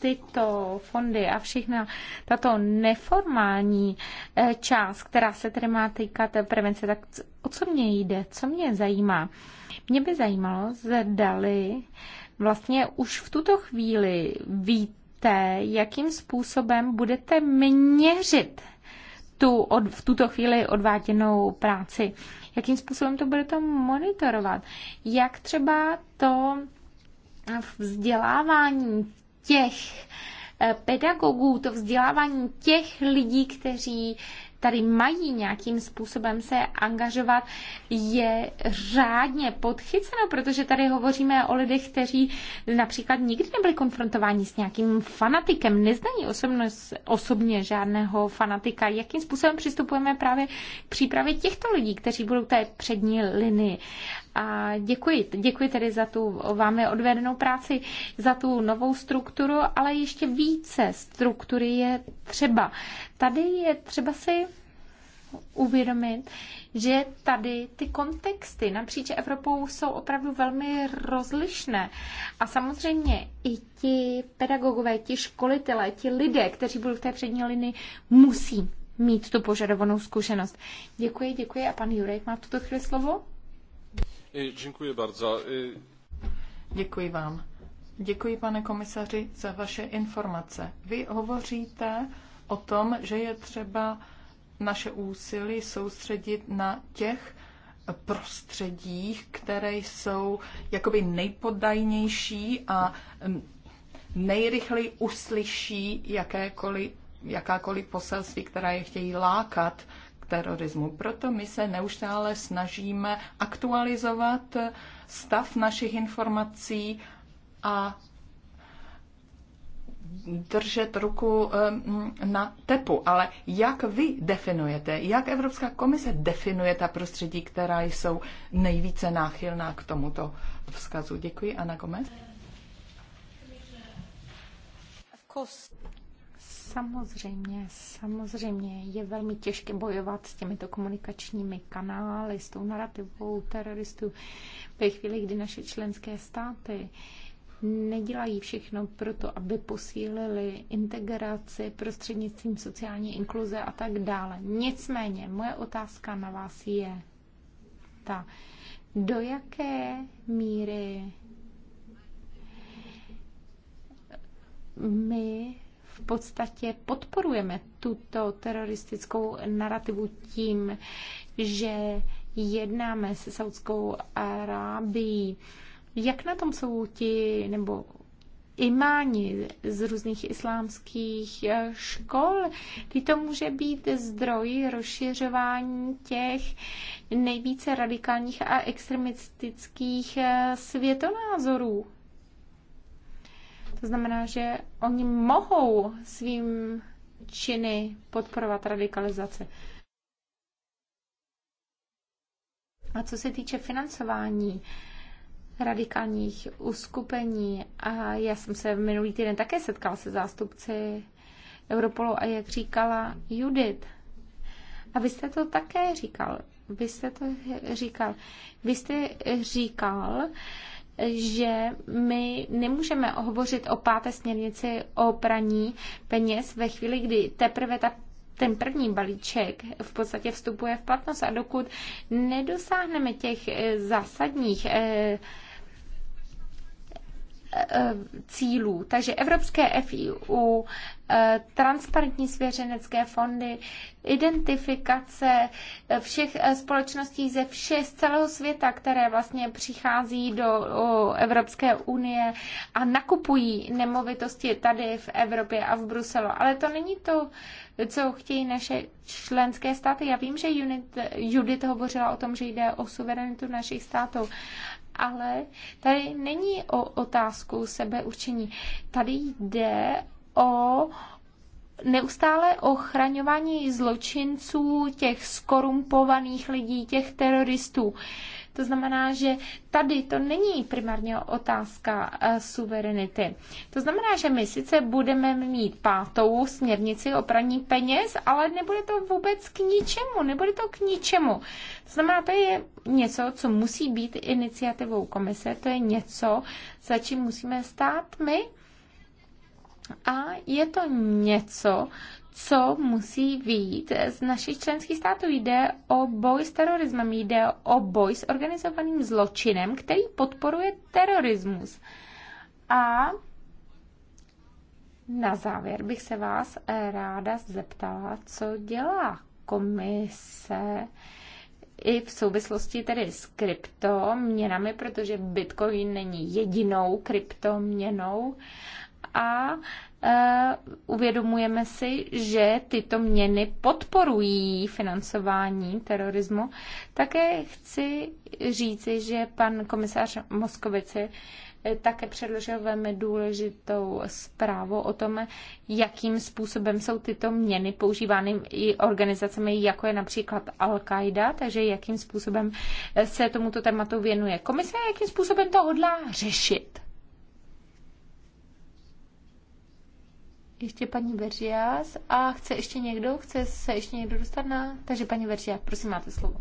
tyto fondy a všechna tato neformální eh, část, která se tedy má týkat prevence, tak o co mě jde, co mě zajímá? Mě by zajímalo, zdali vlastně už v tuto chvíli víte, jakým způsobem budete měřit tu od, v tuto chvíli odváděnou práci. Jakým způsobem to budete monitorovat? Jak třeba to vzdělávání těch eh, pedagogů, to vzdělávání těch lidí, kteří tady mají nějakým způsobem se angažovat, je řádně podchyceno, protože tady hovoříme o lidech, kteří například nikdy nebyli konfrontováni s nějakým fanatikem, neznají osobno, osobně žádného fanatika. Jakým způsobem přistupujeme právě k přípravě těchto lidí, kteří budou té přední linii. A děkuji, děkuji tedy za tu vámi odvedenou práci, za tu novou strukturu, ale ještě více struktury je třeba. Tady je třeba si uvědomit, že tady ty kontexty napříč Evropou jsou opravdu velmi rozlišné. A samozřejmě i ti pedagogové, ti školitelé, ti lidé, kteří budou v té přední linii, musí mít tu požadovanou zkušenost. Děkuji, děkuji. A pan Jurek má v tuto
chvíli slovo. Děkuji bardzo. Děkuji vám. Děkuji, pane komisaři, za vaše informace. Vy hovoříte o tom, že je třeba naše úsilí soustředit na těch prostředích, které jsou jakoby nejpodajnější a mm, nejrychleji uslyší jakékoliv, jakákoliv poselství, která je chtějí lákat terorismu. Proto my se neustále snažíme aktualizovat stav našich informací a držet ruku na tepu. Ale jak vy definujete, jak Evropská komise definuje ta prostředí, která jsou nejvíce náchylná k tomuto vzkazu? Děkuji, Ana Gomez.
Samozřejmě, samozřejmě je velmi těžké bojovat s těmito komunikačními kanály, s tou narrativou teroristů ve chvíli, kdy naše členské státy nedělají všechno pro to, aby posílili integraci prostřednictvím sociální inkluze a tak dále. Nicméně, moje otázka na vás je ta, do jaké míry my v podstatě podporujeme tuto teroristickou narrativu tím, že jednáme se Saudskou Arábií. Jak na tom jsou ti, nebo imáni z různých islámských eh, škol. Ty to může být zdroj rozšiřování těch nejvíce radikálních a extremistických eh, světonázorů. To znamená, že oni mohou svým činy podporovat radikalizaci. A co se týče financování radikálních uskupení, a já jsem se minulý týden také setkala se zástupci Europolu a jak říkala Judith, a vy jste to také říkal, vy jste to říkal, vy jste říkal, že my nemůžeme hovořit o páté směrnici o praní peněz ve chvíli, kdy teprve ta ten první balíček v podstatě vstupuje v platnost a dokud nedosáhneme těch eh, zásadních eh, Eh, cílů. Takže evropské FIU, eh, transparentní svěřenecké fondy, identifikace eh, všech společností ze všech, z celého světa, které vlastně přichází do Evropské unie a nakupují nemovitosti tady v Evropě a v Bruselu. Ale to není to, co chtějí naše členské státy. Já vím, že Judith hovořila o tom, že jde o suverenitu našich států, ale tady není o otázku sebeurčení. Tady jde o neustále ochraňování zločinců, těch skorumpovaných lidí, těch teroristů. To znamená, že tady to není primárně otázka eh, suverenity. To znamená, že my sice budeme mít pátou směrnici o praní peněz, ale nebude to vůbec k ničemu, nebude to k ničemu. To znamená, to je něco, co musí být iniciativou komise, to je něco, za čím musíme stát my, a je to něco, co musí výjít z našich členských států. Jde o boj s terorismem, jde o boj s organizovaným zločinem, který podporuje terorismus. A na závěr bych se vás ráda zeptala, co dělá komise i v souvislosti tedy s kryptoměnami, protože Bitcoin není jedinou kryptoměnou a e, uvědomujeme si, že tyto měny podporují financování terorismu. Také chci říci, že pan komisař Moskovici e, také předložil velmi důležitou zprávu o tom, jakým způsobem jsou tyto měny používány i organizacemi, jako je například Al-Qaida, takže jakým způsobem se tomuto tématu věnuje komise a jakým způsobem to hodlá řešit. ještě paní Veržias a chce ještě někdo, chce se ještě někdo dostat na... Takže paní Veržias, prosím, máte slovo.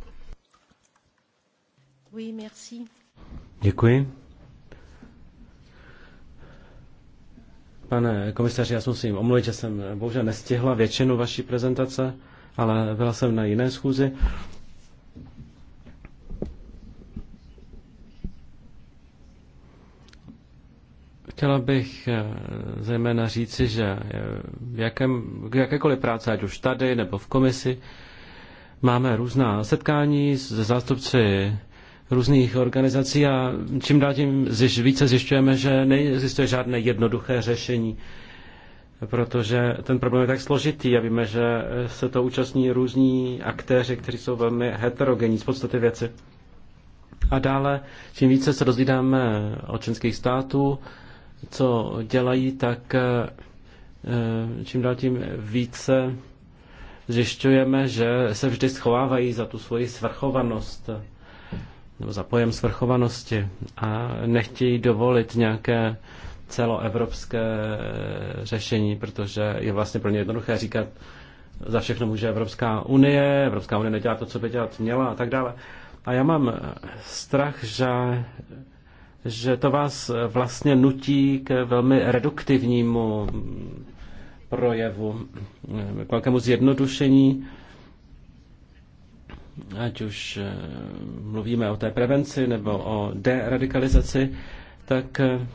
Oui, merci.
Děkuji. Pane komisaři, já se musím omluvit, že jsem bohužel nestihla většinu vaší prezentace, ale byla jsem na jiné schůzi. Chtěla bych eh, zejména říci, že eh, v, jakém, v jakékoliv práci, ať už tady nebo v komisi, máme různá setkání se zástupci různých organizací a čím dál tím zjiš, více zjišťujeme, že neexistuje žádné jednoduché řešení, protože ten problém je tak složitý a víme, že eh, se to účastní různí aktéři, kteří jsou velmi heterogenní z podstaty věci. A dále, čím více se dozvídáme od členských států, co dělají, tak eh, eh, čím dál tím více zjišťujeme, že se vždy schovávají za tu svoji svrchovanost nebo za pojem svrchovanosti a nechtějí dovolit nějaké celoevropské řešení, protože je vlastně pro ně jednoduché říkat, za všechno může Evropská unie, Evropská unie nedělá to, co by dělat měla a tak dále. A já mám strach, že že to vás vlastně nutí k velmi reduktivnímu projevu, k velkému zjednodušení, ať už eh, mluvíme o té prevenci nebo o deradikalizaci, tak eh,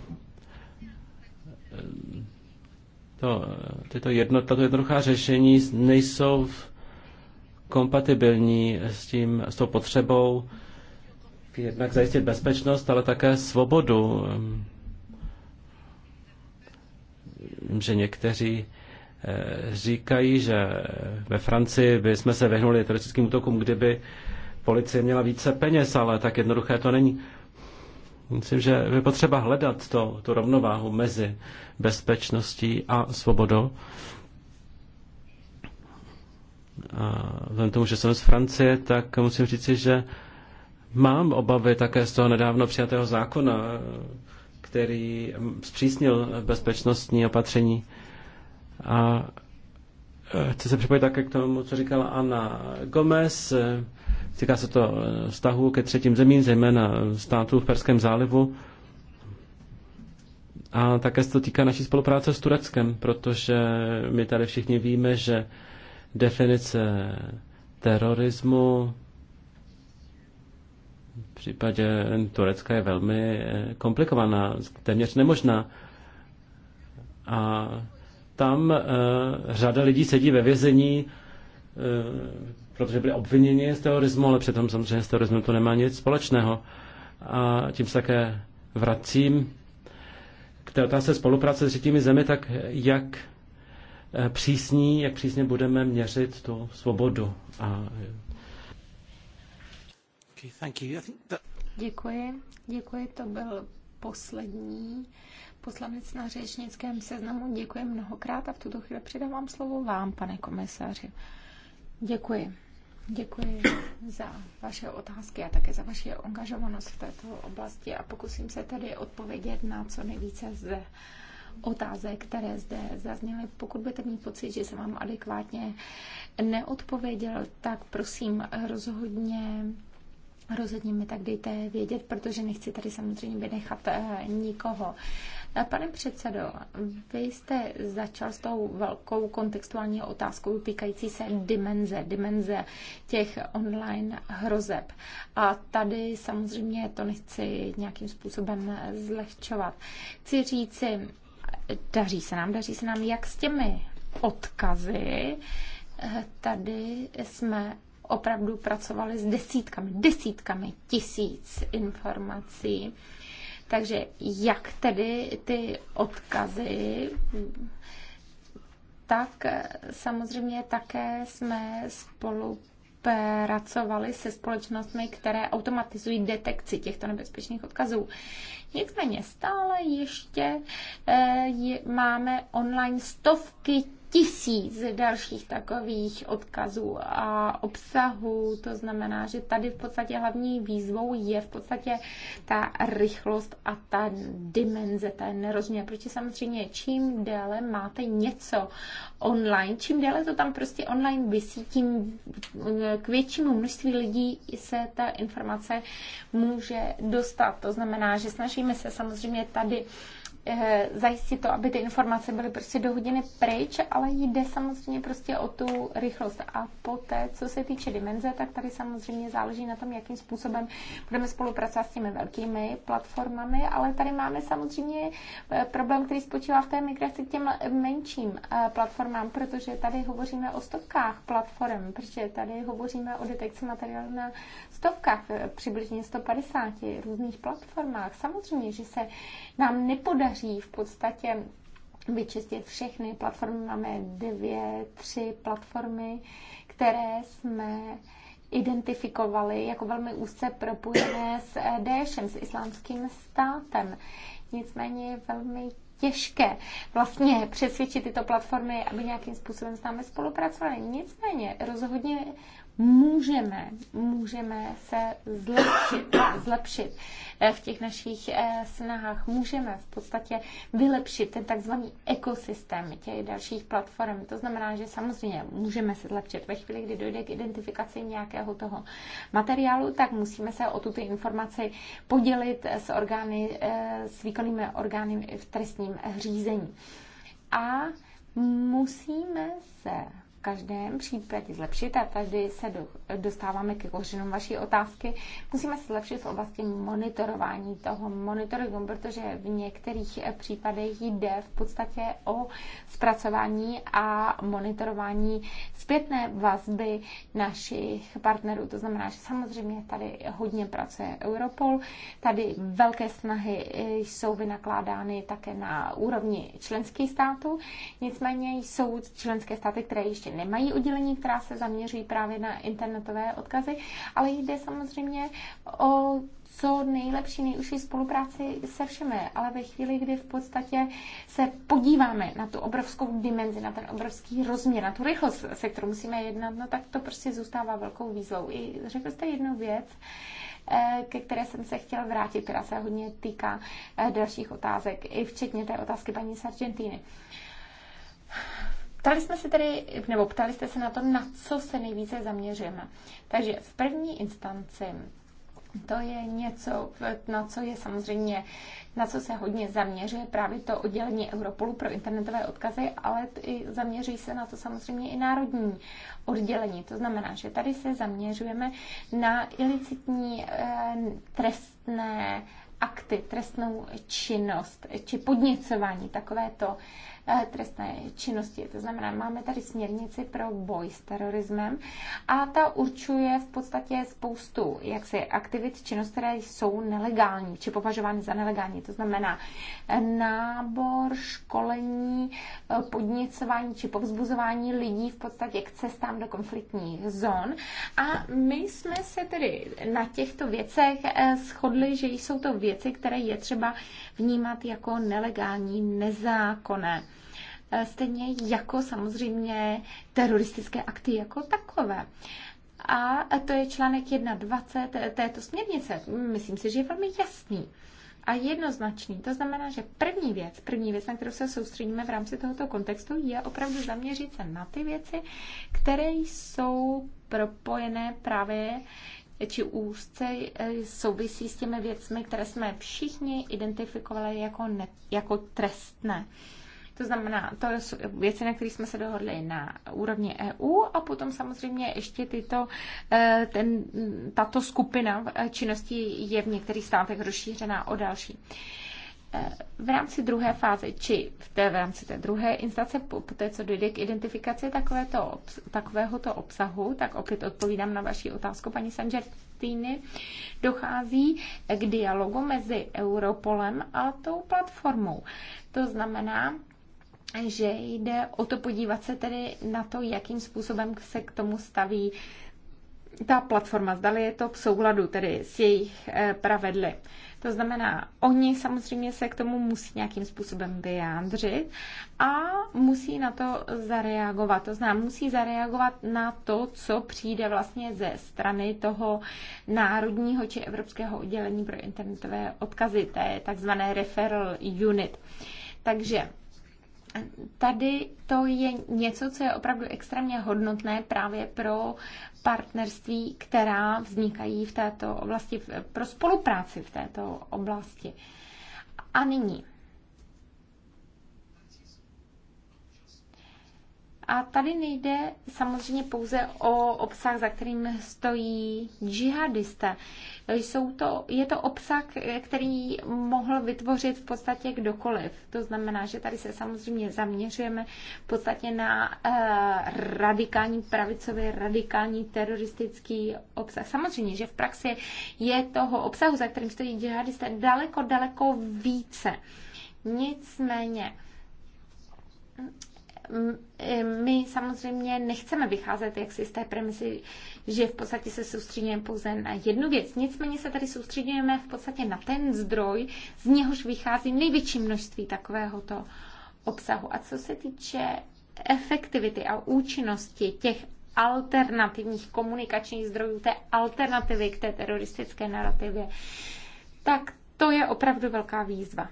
to, tyto jedno, tato jednoduchá řešení nejsou kompatibilní s, tím, s tou potřebou jednak zajistit bezpečnost, ale také svobodu. Vím, že někteří eh, říkají, že ve Francii by jsme se vyhnuli teroristickým útokům, kdyby policie měla více peněz, ale tak jednoduché to není. Myslím, že je potřeba hledat to, tu rovnováhu mezi bezpečností a svobodou. A vzhledem tomu, že jsem z Francie, tak musím říci, že Mám obavy také z toho nedávno přijatého zákona, který zpřísnil bezpečnostní opatření. A e, chci se připojit také k tomu, co říkala Anna Gomez. E, týká se to vztahu ke třetím zemím, zejména států v Perském zálivu. A také se to týká naší spolupráce s Tureckem, protože my tady všichni víme, že definice terorismu v případě Turecka je velmi eh, komplikovaná, téměř nemožná. A tam uh, řada lidí sedí ve vězení, uh, protože byli obviněni z terorismu, ale přitom samozřejmě s terorismem to nemá nic společného. A tím se také vracím k té otázce spolupráce s třetími zemi, tak jak přísní, jak přísně budeme měřit tu svobodu a
Děkuji, děkuji, to byl poslední poslanec na řečnickém seznamu. Děkuji mnohokrát a v tuto chvíli předávám slovo vám, pane komisaři. Děkuji. Děkuji za vaše otázky a také za vaši angažovanost v této oblasti a pokusím se tedy odpovědět na co nejvíce z otázek, které zde zazněly. Pokud budete mít pocit, že jsem vám adekvátně neodpověděl, tak prosím rozhodně Rozhodně mi tak dejte vědět, protože nechci tady samozřejmě vynechat eh, nikoho. Eh, pane předsedo, vy jste začal s tou velkou kontextuální otázkou týkající se dimenze, dimenze těch online hrozeb. A tady samozřejmě to nechci nějakým způsobem eh, zlehčovat. Chci říci, daří se nám, daří se nám jak s těmi odkazy, tady jsme opravdu pracovali s desítkami, desítkami tisíc informací. Takže jak tedy ty odkazy, tak samozřejmě také jsme spolu pracovali se společnostmi, které automatizují detekci těchto nebezpečných odkazů. Nicméně stále ještě e, máme online stovky tisíc dalších takových odkazů a obsahů. To znamená, že tady v podstatě hlavní výzvou je v podstatě ta rychlost a ta dimenze ten rozměr. Protože samozřejmě čím déle máte něco online, čím déle to tam prostě online vysí, tím eh, k většímu množství lidí se ta informace může dostat. To znamená, že snažíme se samozřejmě tady Eh, zajistit to, aby ty informace byly prostě do hodiny pryč, ale jde samozřejmě prostě o tu rychlost. A poté, co se týče dimenze, tak tady samozřejmě záleží na tom, jakým způsobem budeme spolupracovat s těmi velkými platformami, ale tady máme samozřejmě eh, problém, který spočívá v té migraci k těm menším eh, platformám, protože tady hovoříme o stovkách platform, protože tady hovoříme o detekci materiálu na stovkách, přibližně 150 různých platformách. Samozřejmě, že se nám nepodaří daří v podstatě vyčistit všechny platformy. Máme dvě, tři platformy, které jsme identifikovali jako velmi úzce propojené s eh, Daeshem, s islámským státem. Nicméně je velmi těžké vlastně přesvědčit tyto platformy, aby nějakým způsobem s námi spolupracovaly. Nicméně rozhodně můžeme, můžeme se zlepšit, zlepšit eh, v těch našich eh, snahách. Můžeme v podstatě vylepšit ten takzvaný ekosystém těch dalších platform. To znamená, že samozřejmě můžeme se zlepšit. Ve chvíli, kdy dojde k identifikaci nějakého toho materiálu, tak musíme se o tuto informaci podělit s, orgány, eh, s výkonnými orgány v trestním řízení. A musíme se každém případě zlepšit a tady se do, dostáváme ke kořenům vaší otázky. Musíme se zlepšit v oblasti monitorování toho monitoringu, protože v některých případech jde v podstatě o zpracování a monitorování zpětné vazby našich partnerů. To znamená, že samozřejmě tady hodně pracuje Europol, tady velké snahy e, jsou vynakládány také na úrovni členských států, nicméně jsou členské státy, které ještě nemají oddělení, která se zaměřují právě na internetové odkazy, ale jde samozřejmě o co nejlepší, nejužší spolupráci se všemi, ale ve chvíli, kdy v podstatě se podíváme na tu obrovskou dimenzi, na ten obrovský rozměr, na tu rychlost, se kterou musíme jednat, no tak to prostě zůstává velkou výzvou. I řekl jste jednu věc, eh, ke které jsem se chtěla vrátit, která se hodně týká eh, dalších otázek, i včetně té otázky paní Sargentiny. Ptali jsme se tedy, nebo ptali jste se na to, na co se nejvíce zaměřujeme. Takže v první instanci to je něco, na co je samozřejmě, na co se hodně zaměřuje právě to oddělení Europolu pro internetové odkazy, ale i zaměří se na to samozřejmě i národní oddělení. To znamená, že tady se zaměřujeme na ilicitní eh, trestné akty, trestnou činnost či podněcování takovéto eh, Eh, trestné činnosti. To znamená, máme tady směrnici pro boj s terorismem a ta určuje v podstatě spoustu jaksi aktivit činnost, které jsou nelegální či považovány za nelegální. To znamená eh, nábor, školení, eh, podněcování či povzbuzování lidí v podstatě k cestám do konfliktních zón. A my jsme se tedy na těchto věcech shodli, že jsou to věci, které je třeba vnímat jako nelegální, nezákonné. E, stejně jako samozřejmě teroristické akty jako takové. A to je článek 1.20 této směrnice. Myslím si, že je velmi jasný a jednoznačný. To znamená, že první věc, první věc, na kterou se soustředíme v rámci tohoto kontextu, je opravdu zaměřit se na ty věci, které jsou propojené právě či úzce eh, souvisí s těmi věcmi, které jsme všichni identifikovali jako, ne, jako trestné. To znamená, to jsou věci, na které jsme se dohodli na úrovni EU a potom samozřejmě ještě tyto, eh, ten, tato skupina eh, činností je v některých státech rozšířená o další v rámci druhé fáze, či v, té, v rámci té druhé instance, po, po té, co dojde k identifikaci takovéto, takovéhoto obsahu, tak opět odpovídám na vaši otázku, paní Sanžertýny, dochází k dialogu mezi Europolem a tou platformou. To znamená, že jde o to podívat se tedy na to, jakým způsobem se k tomu staví ta platforma. Zdali je to v souladu tedy s jejich eh, pravidly. To znamená, oni samozřejmě se k tomu musí nějakým způsobem vyjádřit a musí na to zareagovat. To znamená, musí zareagovat na to, co přijde vlastně ze strany toho národního či evropského oddělení pro internetové odkazy, té takzvané referral unit. Takže tady to je něco, co je opravdu extrémně hodnotné právě pro partnerství, která vznikají v této oblasti, pro spolupráci v této oblasti. A nyní A tady nejde samozřejmě pouze o obsah, za kterým stojí džihadista. Jsou to, je to obsah, který mohl vytvořit v podstatě kdokoliv. To znamená, že tady se samozřejmě zaměřujeme v podstatě na eh, radikální pravicový, radikální teroristický obsah. Samozřejmě, že v praxi je toho obsahu, za kterým stojí džihadista, daleko, daleko více. Nicméně, my samozřejmě nechceme vycházet jaksi z té premisy, že v podstatě se soustředíme pouze na jednu věc. Nicméně se tady soustředíme v podstatě na ten zdroj, z něhož vychází největší množství takovéhoto obsahu. A co se týče efektivity a účinnosti těch alternativních komunikačních zdrojů, té alternativy k té teroristické narrativě, tak to je opravdu velká výzva.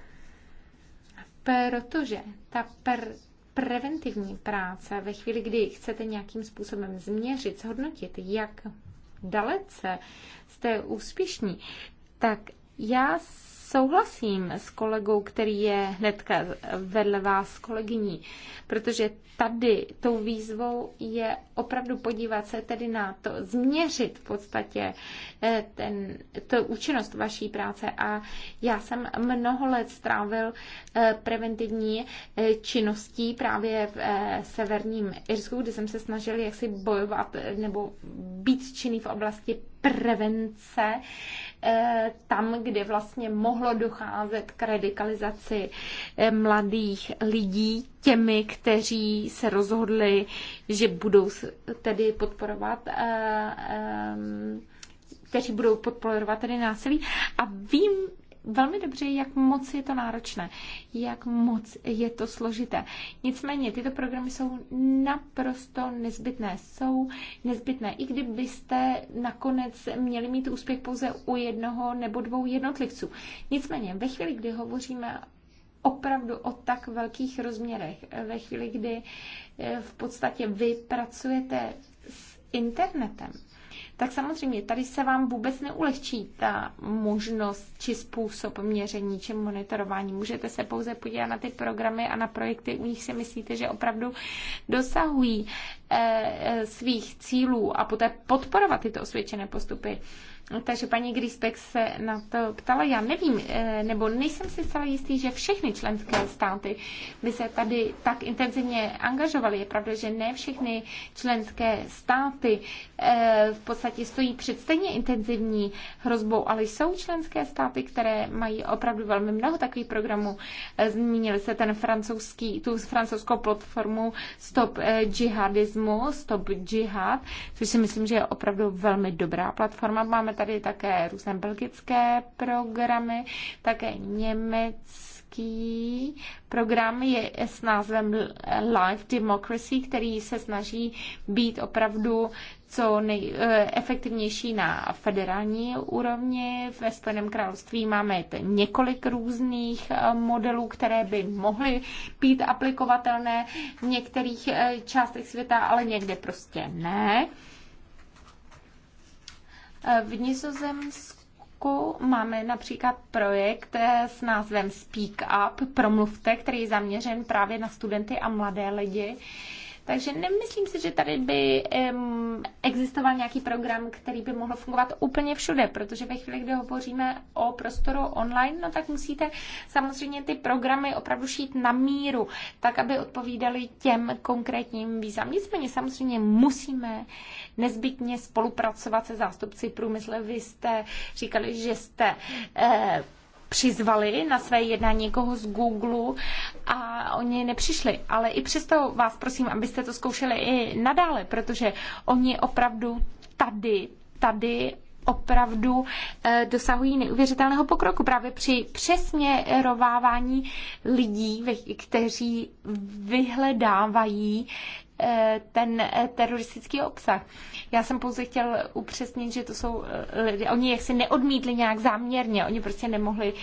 Protože ta per, preventivní práce, ve chvíli, kdy chcete nějakým způsobem změřit, zhodnotit, jak dalece jste úspěšní, tak já souhlasím s kolegou, který je hned vedle vás kolegyní, protože tady tou výzvou je opravdu podívat se tedy na to, změřit v podstatě eh, ten, to účinnost vaší práce a já jsem mnoho let strávil eh, preventivní eh, činností právě v severním Irsku, kde jsem se snažil jaksi bojovat nebo být činný v oblasti prevence Eh, tam, kde vlastně mohlo docházet k radikalizaci eh, mladých lidí těmi, kteří se rozhodli, že budou tedy podporovat eh, kteří budou podporovat tedy násilí. A vím velmi dobře, jak moc je to náročné, jak moc je to složité. Nicméně tyto programy jsou naprosto nezbytné. Jsou nezbytné, i kdybyste nakonec měli mít úspěch pouze u jednoho nebo dvou jednotlivců. Nicméně ve chvíli, kdy hovoříme opravdu o tak velkých rozměrech, ve chvíli, kdy eh, v podstatě vy pracujete s internetem, tak samozřejmě tady se vám vůbec neulehčí ta možnost či způsob měření či monitorování. Můžete se pouze podívat na ty programy a na projekty, u nich si myslíte, že opravdu dosahují eh, eh, svých cílů a poté podporovat tyto osvědčené postupy. No, takže paní Grispek se na to ptala, já nevím, eh, nebo nejsem si zcela jistý, že všechny členské státy by se tady tak intenzivně angažovaly. Je pravda, že ne všechny členské státy eh, v podstatě stojí před stejně intenzivní hrozbou, ale jsou členské státy, které mají opravdu velmi mnoho takových programů. Eh, Zmínili se ten francouzský, tu francouzskou platformu Stop Jihadismu, Stop Jihad, což si myslím, že je opravdu velmi dobrá platforma. Máme tady také různé belgické programy, také německý program je s názvem Live Democracy, který se snaží být opravdu co nejefektivnější na federální úrovni. Ve Spojeném království máme několik různých eh, modelů, které by mohly být aplikovatelné v některých eh, částech světa, ale někde prostě ne. V Nizozemsku máme například projekt eh, s názvem Speak Up, promluvte, který je zaměřen právě na studenty a mladé lidi takže nemyslím si, že tady by existoval nějaký program, který by mohl fungovat úplně všude, protože ve chvíli, kdy hovoříme o prostoru online, no tak musíte samozřejmě ty programy opravdu šít na míru, tak aby odpovídaly těm konkrétním výzvám. Nicméně samozřejmě musíme nezbytně spolupracovat se zástupci průmyslu. Vy jste říkali, že jste eh, přizvali na své jednání někoho z Google a oni nepřišli. Ale i přesto vás prosím, abyste to zkoušeli i nadále, protože oni opravdu tady, tady opravdu eh, dosahují neuvěřitelného pokroku právě při přesně rovávání lidí, kteří vyhledávají Eh, ten eh, teroristický obsah. Já jsem pouze chtěl upřesnit, že to jsou eh, lidé, oni jaksi neodmítli nějak záměrně, oni prostě nemohli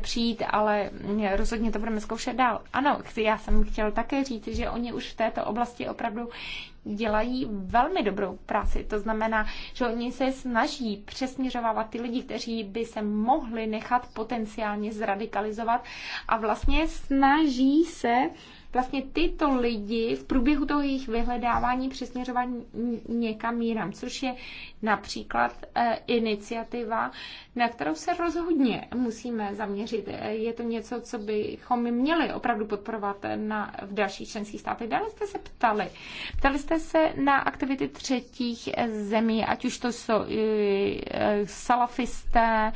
přijít, ale mm, rozhodně to budeme zkoušet dál. Ano, já jsem chtěl také říct, že oni už v této oblasti opravdu dělají velmi dobrou práci. To znamená, že oni se snaží přesměřovávat ty lidi, kteří by se mohli nechat potenciálně zradikalizovat a vlastně snaží se vlastně tyto lidi v průběhu toho jejich vyhledávání přesměřovat někam jinam, což je například e, iniciativa, na kterou se rozhodně musíme zaměřit. E, je to něco, co bychom měli opravdu podporovat na, v dalších členských státech. Dále jste se ptali. Ptali jste se na aktivity třetích e, zemí, ať už to jsou salafisté,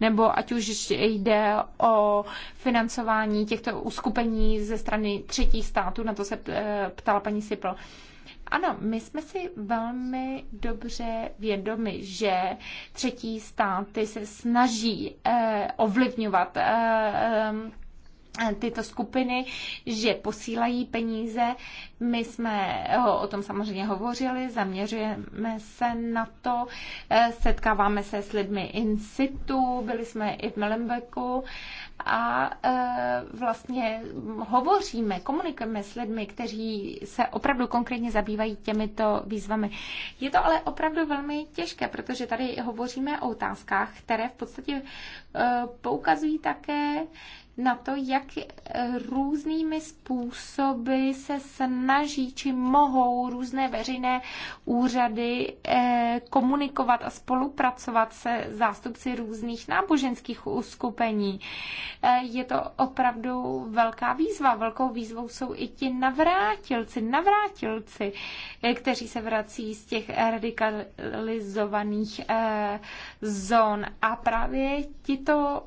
nebo ať už jde o financování těchto uskupení ze strany třetích třetích států, na to se eh, ptala paní Sipl. Ano, my jsme si velmi dobře vědomi, že třetí státy se snaží eh, ovlivňovat eh, eh tyto skupiny, že posílají peníze. My jsme o tom samozřejmě hovořili, zaměřujeme se na to, eh, setkáváme se s lidmi in situ, byli jsme i v Melembeku a e, vlastně hovoříme, komunikujeme s lidmi, kteří se opravdu konkrétně zabývají těmito výzvami. Je to ale opravdu velmi těžké, protože tady hovoříme o otázkách, které v podstatě e, poukazují také na to, jak eh, různými způsoby se snaží či mohou různé veřejné úřady eh, komunikovat a spolupracovat se zástupci různých náboženských uskupení. Eh, je to opravdu velká výzva. Velkou výzvou jsou i ti navrátilci, navrátilci, kteří se vrací z těch radikalizovaných zón. A právě tito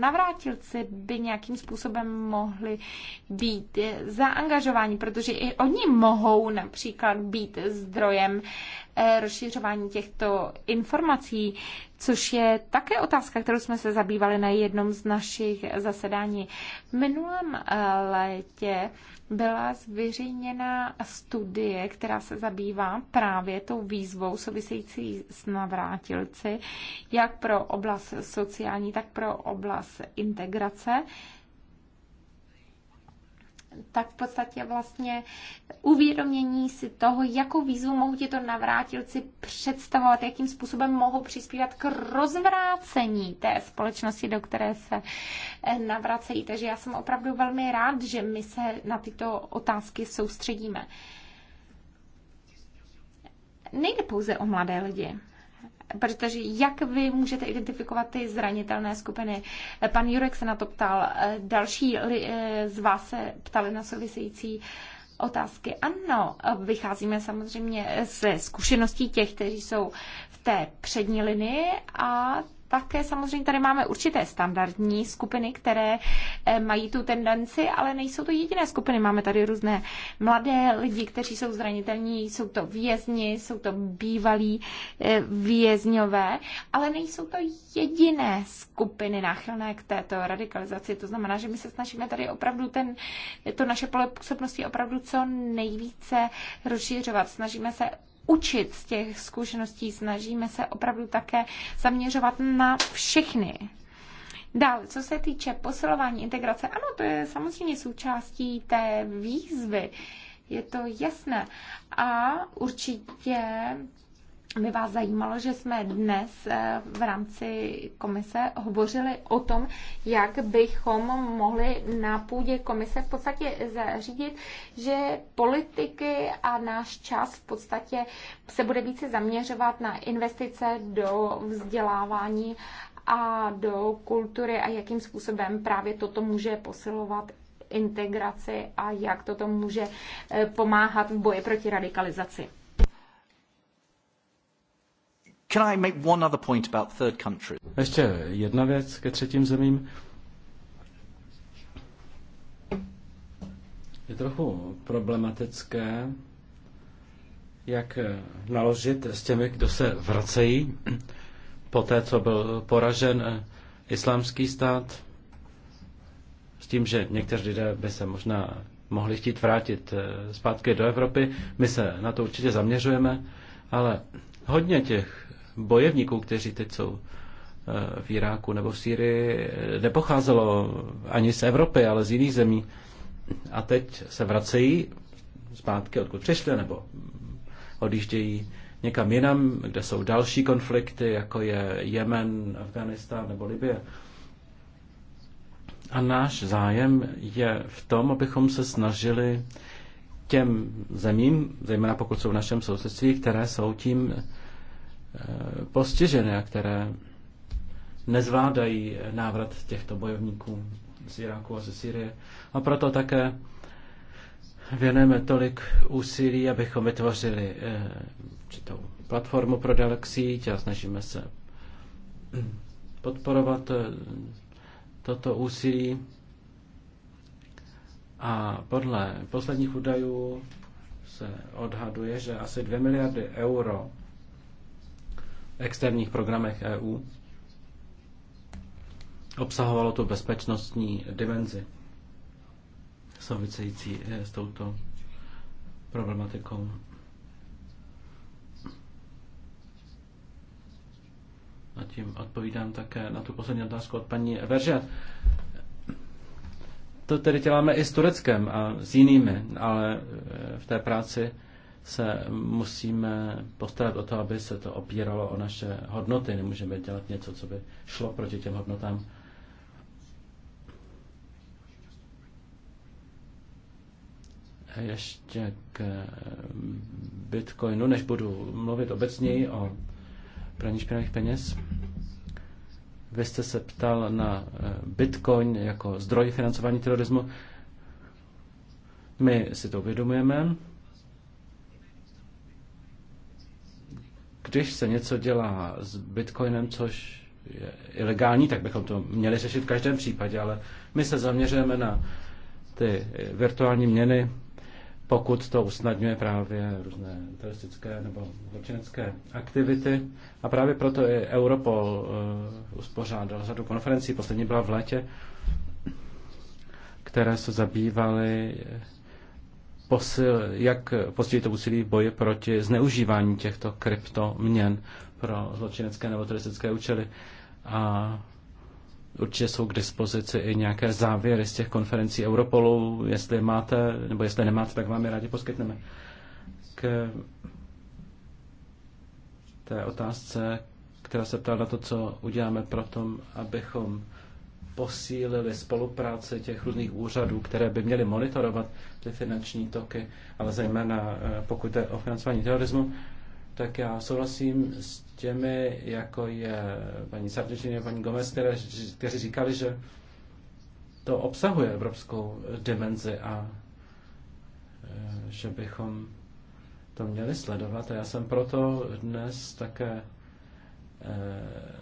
navrátilci by nějakým způsobem mohli být zaangažováni, protože i oni mohou například být zdrojem Eh, rozšiřování těchto informací, což je také otázka, kterou jsme se zabývali na jednom z našich zasedání. V minulém eh, létě byla zveřejněna studie, která se zabývá právě tou výzvou související s navrátilci, jak pro oblast sociální, tak pro oblast integrace tak v podstatě vlastně uvědomění si toho, jakou výzvu mohou to navrátilci představovat, jakým způsobem mohou přispívat k rozvrácení té společnosti, do které se eh, navracejí. Takže já jsem opravdu velmi rád, že my se na tyto otázky soustředíme. Nejde pouze o mladé lidi protože jak vy můžete identifikovat ty zranitelné skupiny? Pan Jurek se na to ptal, další eh, z vás se ptali na související otázky. Ano, vycházíme samozřejmě ze zkušeností těch, kteří jsou v té přední linii a také samozřejmě tady máme určité standardní skupiny, které eh, mají tu tendenci, ale nejsou to jediné skupiny. Máme tady různé mladé lidi, kteří jsou zranitelní, jsou to vězni, jsou to bývalí eh, vězňové, ale nejsou to jediné skupiny náchylné k této radikalizaci. To znamená, že my se snažíme tady opravdu ten, to naše pole působnosti opravdu co nejvíce rozšiřovat. Snažíme se učit z těch zkušeností, snažíme se opravdu také zaměřovat na všechny Dále, co se týče posilování integrace, ano, to je samozřejmě součástí té výzvy, je to jasné. A určitě by vás zajímalo, že jsme dnes eh, v rámci komise hovořili o tom, jak bychom mohli na půdě komise v podstatě zařídit, že politiky a náš čas v podstatě se bude více zaměřovat na investice do vzdělávání a do kultury a jakým způsobem právě toto může posilovat integraci a jak toto může eh, pomáhat v boji proti radikalizaci. Can I make one other point about third country?
Ještě jedna věc ke třetím zemím. Je trochu problematické, jak naložit s těmi, kdo se vracejí po té, co byl poražen islámský stát, s tím, že někteří lidé by se možná mohli chtít vrátit eh, zpátky do Evropy. My se na to určitě zaměřujeme, ale hodně těch bojevníků, kteří teď jsou eh, v Iráku nebo v Sýrii, nepocházelo ani z Evropy, ale z jiných zemí. A teď se vracejí zpátky, odkud přišli, nebo odjíždějí někam jinam, kde jsou další konflikty, jako je Jemen, Afganistán nebo Libie. A náš zájem je v tom, abychom se snažili těm zemím, zejména pokud jsou v našem sousedství, které jsou tím Eh, postižené a které nezvládají návrat těchto bojovníků z Iráku a ze Syrie. A proto také věnujeme tolik úsilí, abychom vytvořili eh, určitou platformu pro Dalek síť a snažíme se podporovat eh, toto úsilí. A podle posledních údajů se odhaduje, že asi 2 miliardy euro externích programech EU. Obsahovalo to bezpečnostní dimenzi související eh, s touto problematikou. A tím odpovídám také na tu poslední otázku od paní Veržet. To tedy děláme i s Tureckem a s jinými, ale eh, v té práci se musíme postarat o to, aby se to opíralo o naše hodnoty. Nemůžeme dělat něco, co by šlo proti těm hodnotám. Ještě k Bitcoinu, než budu mluvit obecněji o praní špinavých peněz. Vy jste se ptal na eh, Bitcoin jako zdroj financování terorismu. My si to uvědomujeme. Když se něco dělá s bitcoinem, což je ilegální, tak bychom to měli řešit v každém případě, ale my se zaměřujeme na ty virtuální měny, pokud to usnadňuje právě různé teroristické nebo zločinecké aktivity. A právě proto i Europol uh, uspořádal řadu konferencí, poslední byla v létě, které se zabývaly posil, jak posílit to úsilí v boji proti zneužívání těchto kryptoměn pro zločinecké nebo teroristické účely. A určitě jsou k dispozici i nějaké závěry z těch konferencí Europolu. Jestli máte, nebo jestli nemáte, tak vám je rádi poskytneme. K té otázce, která se ptala na to, co uděláme pro tom, abychom posílili spolupráce těch různých úřadů, které by měly monitorovat ty finanční toky, ale zejména eh, pokud je o financování terorismu, tak já souhlasím s těmi, jako je paní Sardičině, paní Gomez, které, kteří říkali, že to obsahuje evropskou dimenzi a eh, že bychom to měli sledovat. A já jsem proto dnes také eh,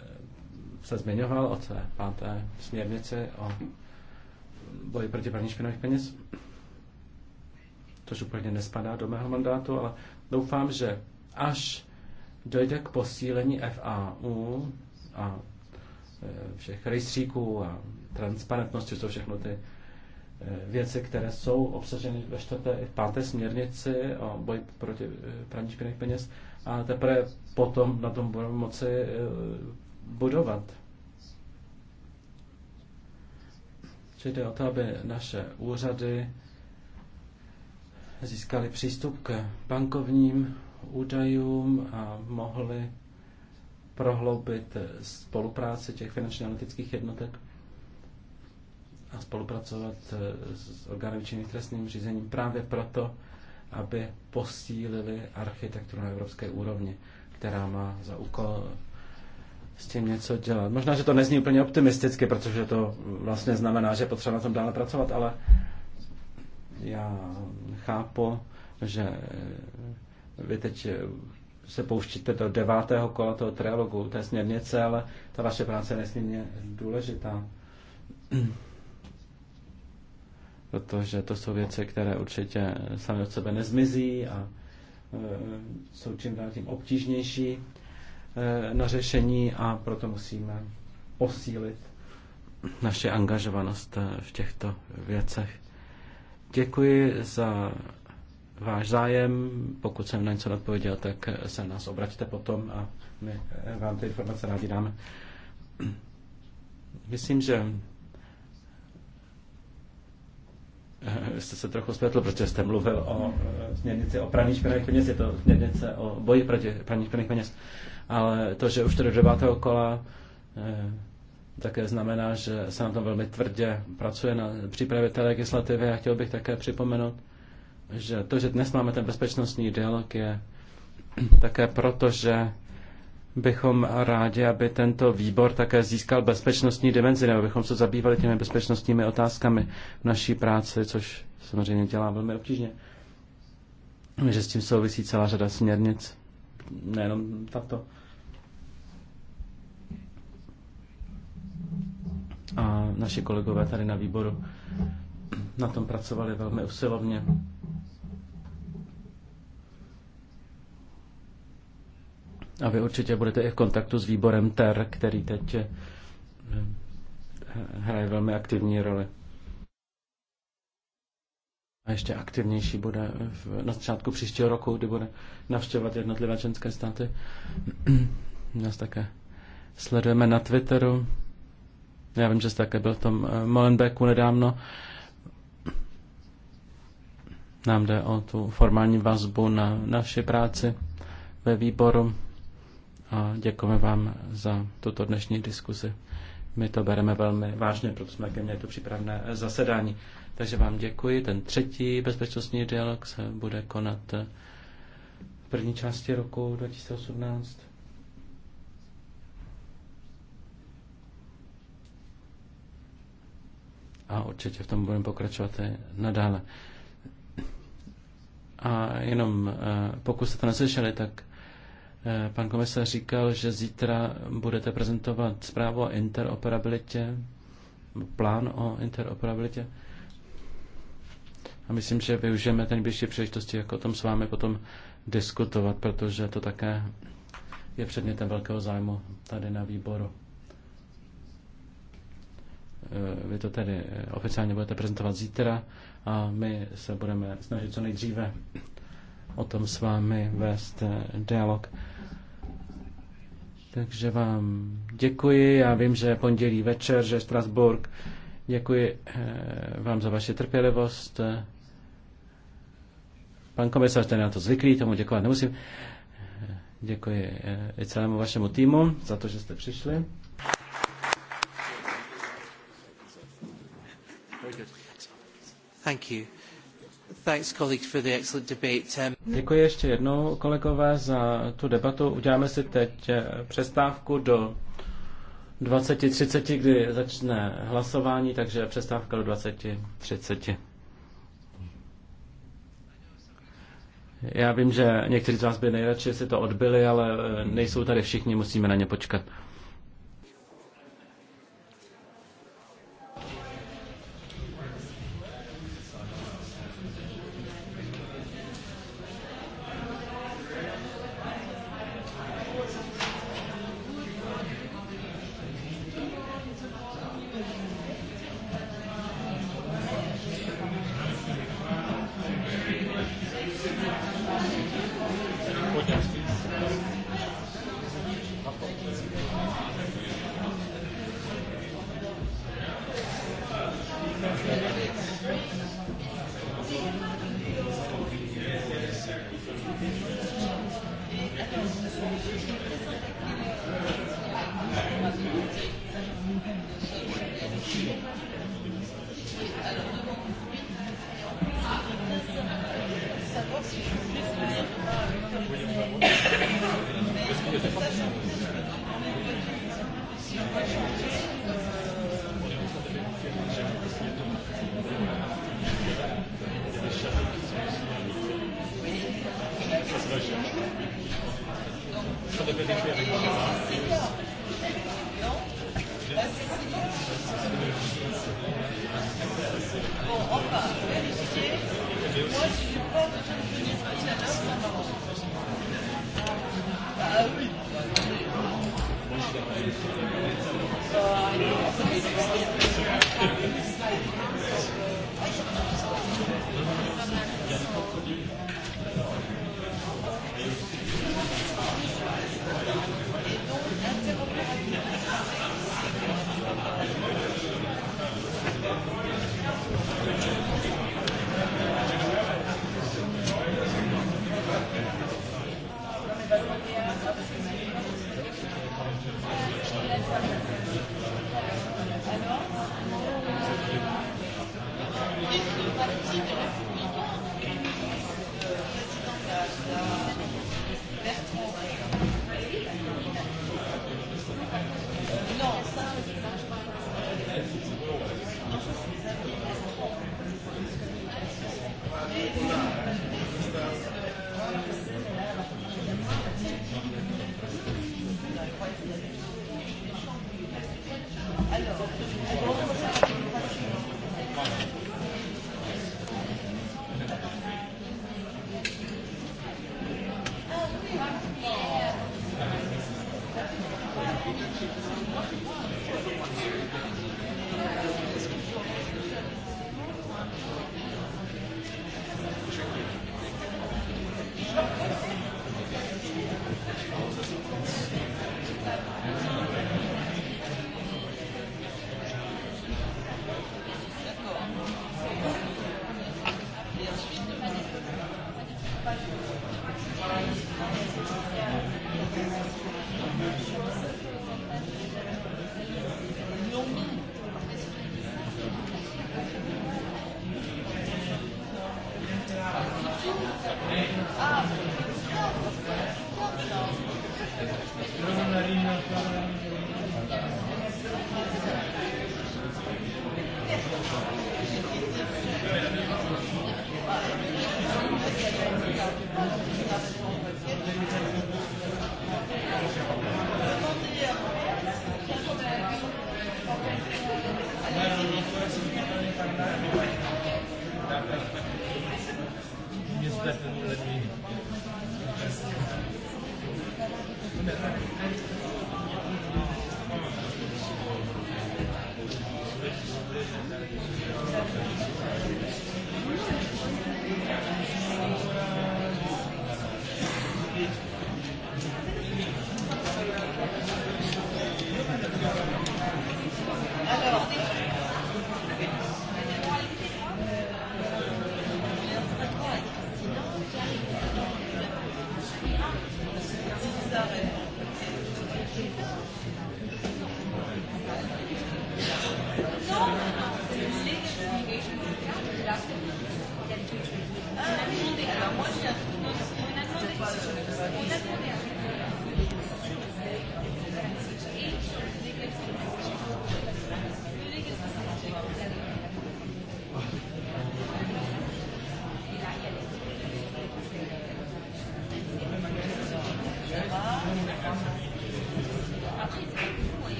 se zmiňoval o té páté směrnici o boji proti praní špinavých peněz, což úplně nespadá do mého mandátu, ale doufám, že až dojde k posílení FAU a e, všech rejstříků a transparentnosti, jsou všechno ty e, věci, které jsou obsaženy ve čtvrté i v páté směrnici o boji proti e, praní špinavých peněz a teprve potom na tom budeme moci budovat. Či jde o to, aby naše úřady získali přístup k bankovním údajům a mohli prohloubit spolupráci těch finančně analytických jednotek a spolupracovat s orgány činným trestním řízením právě proto, aby posílili architekturu na evropské úrovni, která má za úkol s tím něco dělat. Možná, že to nezní úplně optimisticky, protože to vlastně znamená, že potřeba na tom dále pracovat, ale já chápu, že vy teď se pouštíte do devátého kola toho trialogu, té směrnice, ale ta vaše práce je nesmírně důležitá. Protože to jsou věci, které určitě sami od sebe nezmizí a e, jsou čím dál tím obtížnější. Eh, na řešení a proto musíme posílit naše angažovanost eh, v těchto věcech. Děkuji za váš zájem. Pokud jsem na něco odpověděl, tak eh, se nás obraťte potom a my vám ty informace rádi dáme. Myslím, že jste se trochu zpětl, protože jste mluvil o směrnici o praní špinavých peněz, je to směrnice o boji proti praní špinavých peněz ale to, že už to do devátého kola eh, také znamená, že se na tom velmi tvrdě pracuje na přípravě té legislativy a chtěl bych také připomenout, že to, že dnes máme ten bezpečnostní dialog, je také proto, že bychom rádi, aby tento výbor také získal bezpečnostní dimenzi, nebo bychom se zabývali těmi bezpečnostními otázkami v naší práci, což samozřejmě dělá velmi obtížně. Že s tím souvisí celá řada směrnic, nejenom tato. a naši kolegové tady na výboru na tom pracovali velmi usilovně. A vy určitě budete i v kontaktu s výborem TER, který teď eh, hraje velmi aktivní roli. A ještě aktivnější bude v, na začátku příštího roku, kdy bude navštěvovat jednotlivé ženské státy. Nás také sledujeme na Twitteru. Já vím, že jste také byl v tom eh, Molenbeeku nedávno. Nám jde o tu formální vazbu na naši práci ve výboru a děkujeme vám za tuto dnešní diskuzi. My to bereme velmi vážně, protože jsme také měli to přípravné eh, zasedání. Takže vám děkuji. Ten třetí bezpečnostní dialog se bude konat eh, v první části roku 2018. a určitě v tom budeme pokračovat i nadále. A jenom, eh, pokud jste to neslyšeli, tak eh, pan komisař říkal, že zítra budete prezentovat zprávu o interoperabilitě, plán o interoperabilitě. A myslím, že využijeme ten nejbližší příležitosti, jak o tom s vámi potom diskutovat, protože to také je předmětem velkého zájmu tady na výboru. Eh, vy to tedy eh, oficiálně budete prezentovat zítra a my se budeme snažit co nejdříve o tom s vámi vést eh, dialog. Takže vám děkuji. Já vím, že je pondělí večer, že Strasburg. Děkuji vám za vaši trpělivost. Pan komisař, ten je na to zvyklý, tomu děkovat nemusím. Děkuji i celému vašemu týmu za to, že jste přišli.
Um, Děkuji
ještě jednou, kolegové, za tu debatu. Uděláme si teď eh, přestávku do 20.30, kdy začne hlasování, takže přestávka do 20.30. Já vím, že někteří z vás by nejradši si to odbyli, ale eh, nejsou tady všichni, musíme na ně počkat.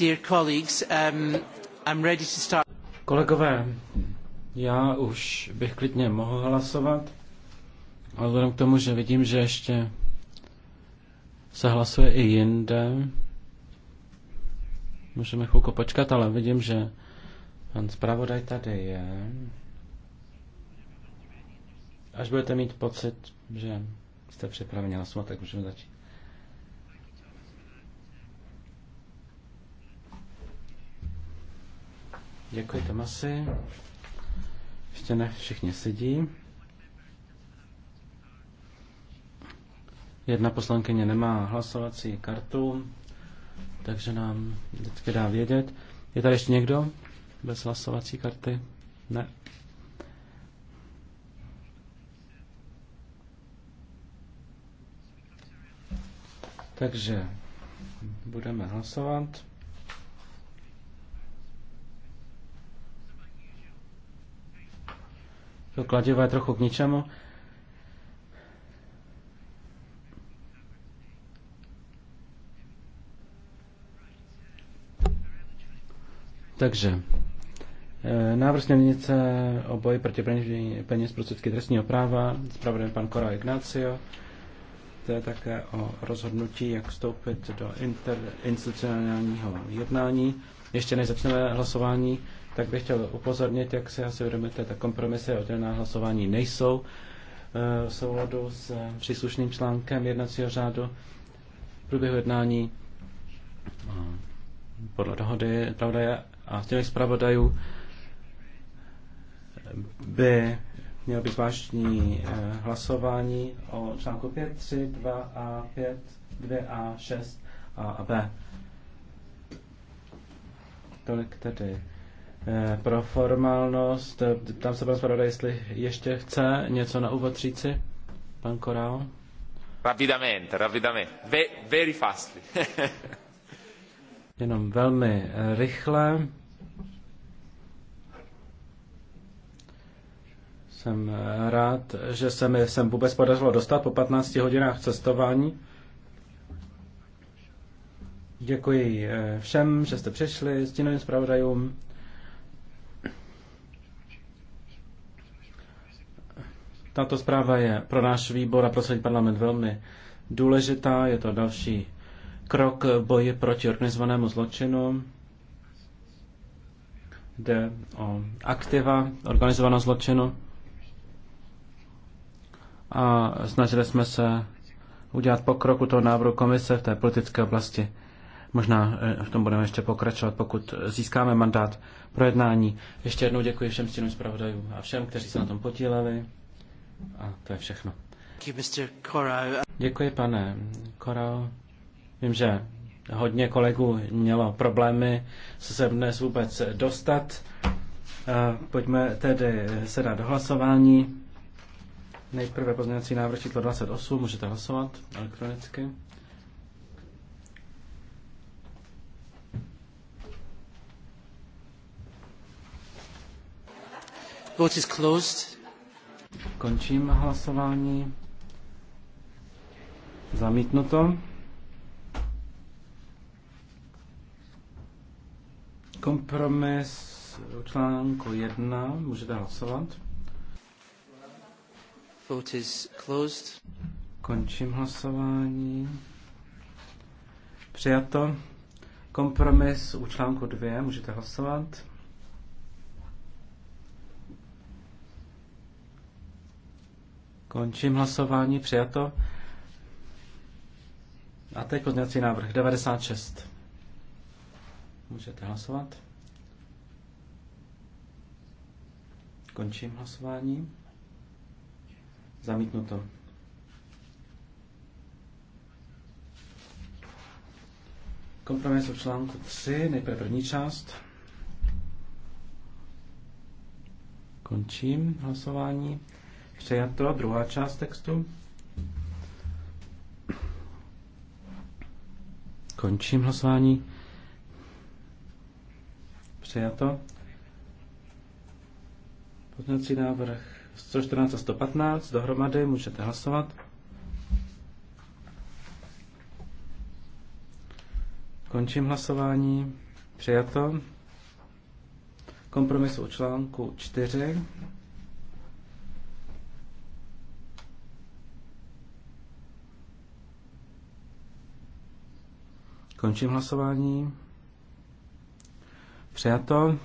Um,
Kolegové, já už bych klidně mohl hlasovat, ale vzhledem k tomu, že vidím, že ještě se hlasuje i jinde, můžeme chvilku počkat, ale vidím, že pan zpravodaj tady je. Až budete mít pocit, že jste připraveni hlasovat, tak můžeme začít. Děkuji, Tomasi. Ještě ne všichni sedí. Jedna poslankyně nemá hlasovací kartu, takže nám vždycky dá vědět. Je tady ještě někdo bez hlasovací karty? Ne. Takže budeme hlasovat. To kladivo je trochu k ničemu. Takže eh, návrh směrnice o boji proti praní peněz prostředky trestního práva, zpravodajem pan Kora Ignacio. To je také o rozhodnutí, jak vstoupit do interinstitucionálního jednání. Ještě než začneme hlasování, tak bych chtěl upozornit, jak si asi uvědomíte, tak kompromisy o oddělená hlasování nejsou eh, v souladu s příslušným článkem jednacího řádu v průběhu jednání eh, podle dohody je a těch zpravodajů by mělo být zvláštní eh, hlasování o článku 5, 3, 2 a 5, 2 a 6 a, a B. Tolik tedy Eh, pro formálnost. Eh, Tam se pan zpravodaj, jestli ještě chce něco na úvod říci. Pan Korál.
Rapidamente, rapidamente. Ve, very fastly.
Jenom velmi eh, rychle. Jsem rád, že se mi sem vůbec podařilo dostat po 15 hodinách cestování. Děkuji všem, že jste přišli, stínovým zpravodajům. Tato zpráva je pro náš výbor a pro celý parlament velmi důležitá. Je to další krok v boji proti organizovanému zločinu. Jde o aktiva organizovaného zločinu. A snažili jsme se udělat pokroku toho návrhu komise v té politické oblasti. Možná eh, v tom budeme ještě pokračovat, pokud získáme mandát pro jednání. Ještě jednou děkuji všem stínům zpravodajům a všem, kteří se na tom podíleli. A to je všechno. Děkuji, pane Korao. Vím, že hodně kolegů mělo problémy se sem dnes vůbec dostat. Pojďme tedy se dát do hlasování. Nejprve pozměňovací návrh číslo 28, můžete hlasovat elektronicky. Vote is closed. Končím hlasování. Zamítnuto. Kompromis článku 1. Můžete hlasovat. Vote is closed. Končím hlasování. Přijato. Kompromis u článku 2. Můžete hlasovat. Končím hlasování, přijato. A teď pozměňovací návrh 96. Můžete hlasovat. Končím hlasování. Zamítnuto. Kompromis o článku 3, nejprve první část. Končím hlasování. Přijato druhá část textu. Končím hlasování. Přijato. Pozměňovací návrh 114 a 115 dohromady můžete hlasovat. Končím hlasování. Přijato. Kompromis u článku 4. Končím hlasování. Přijato.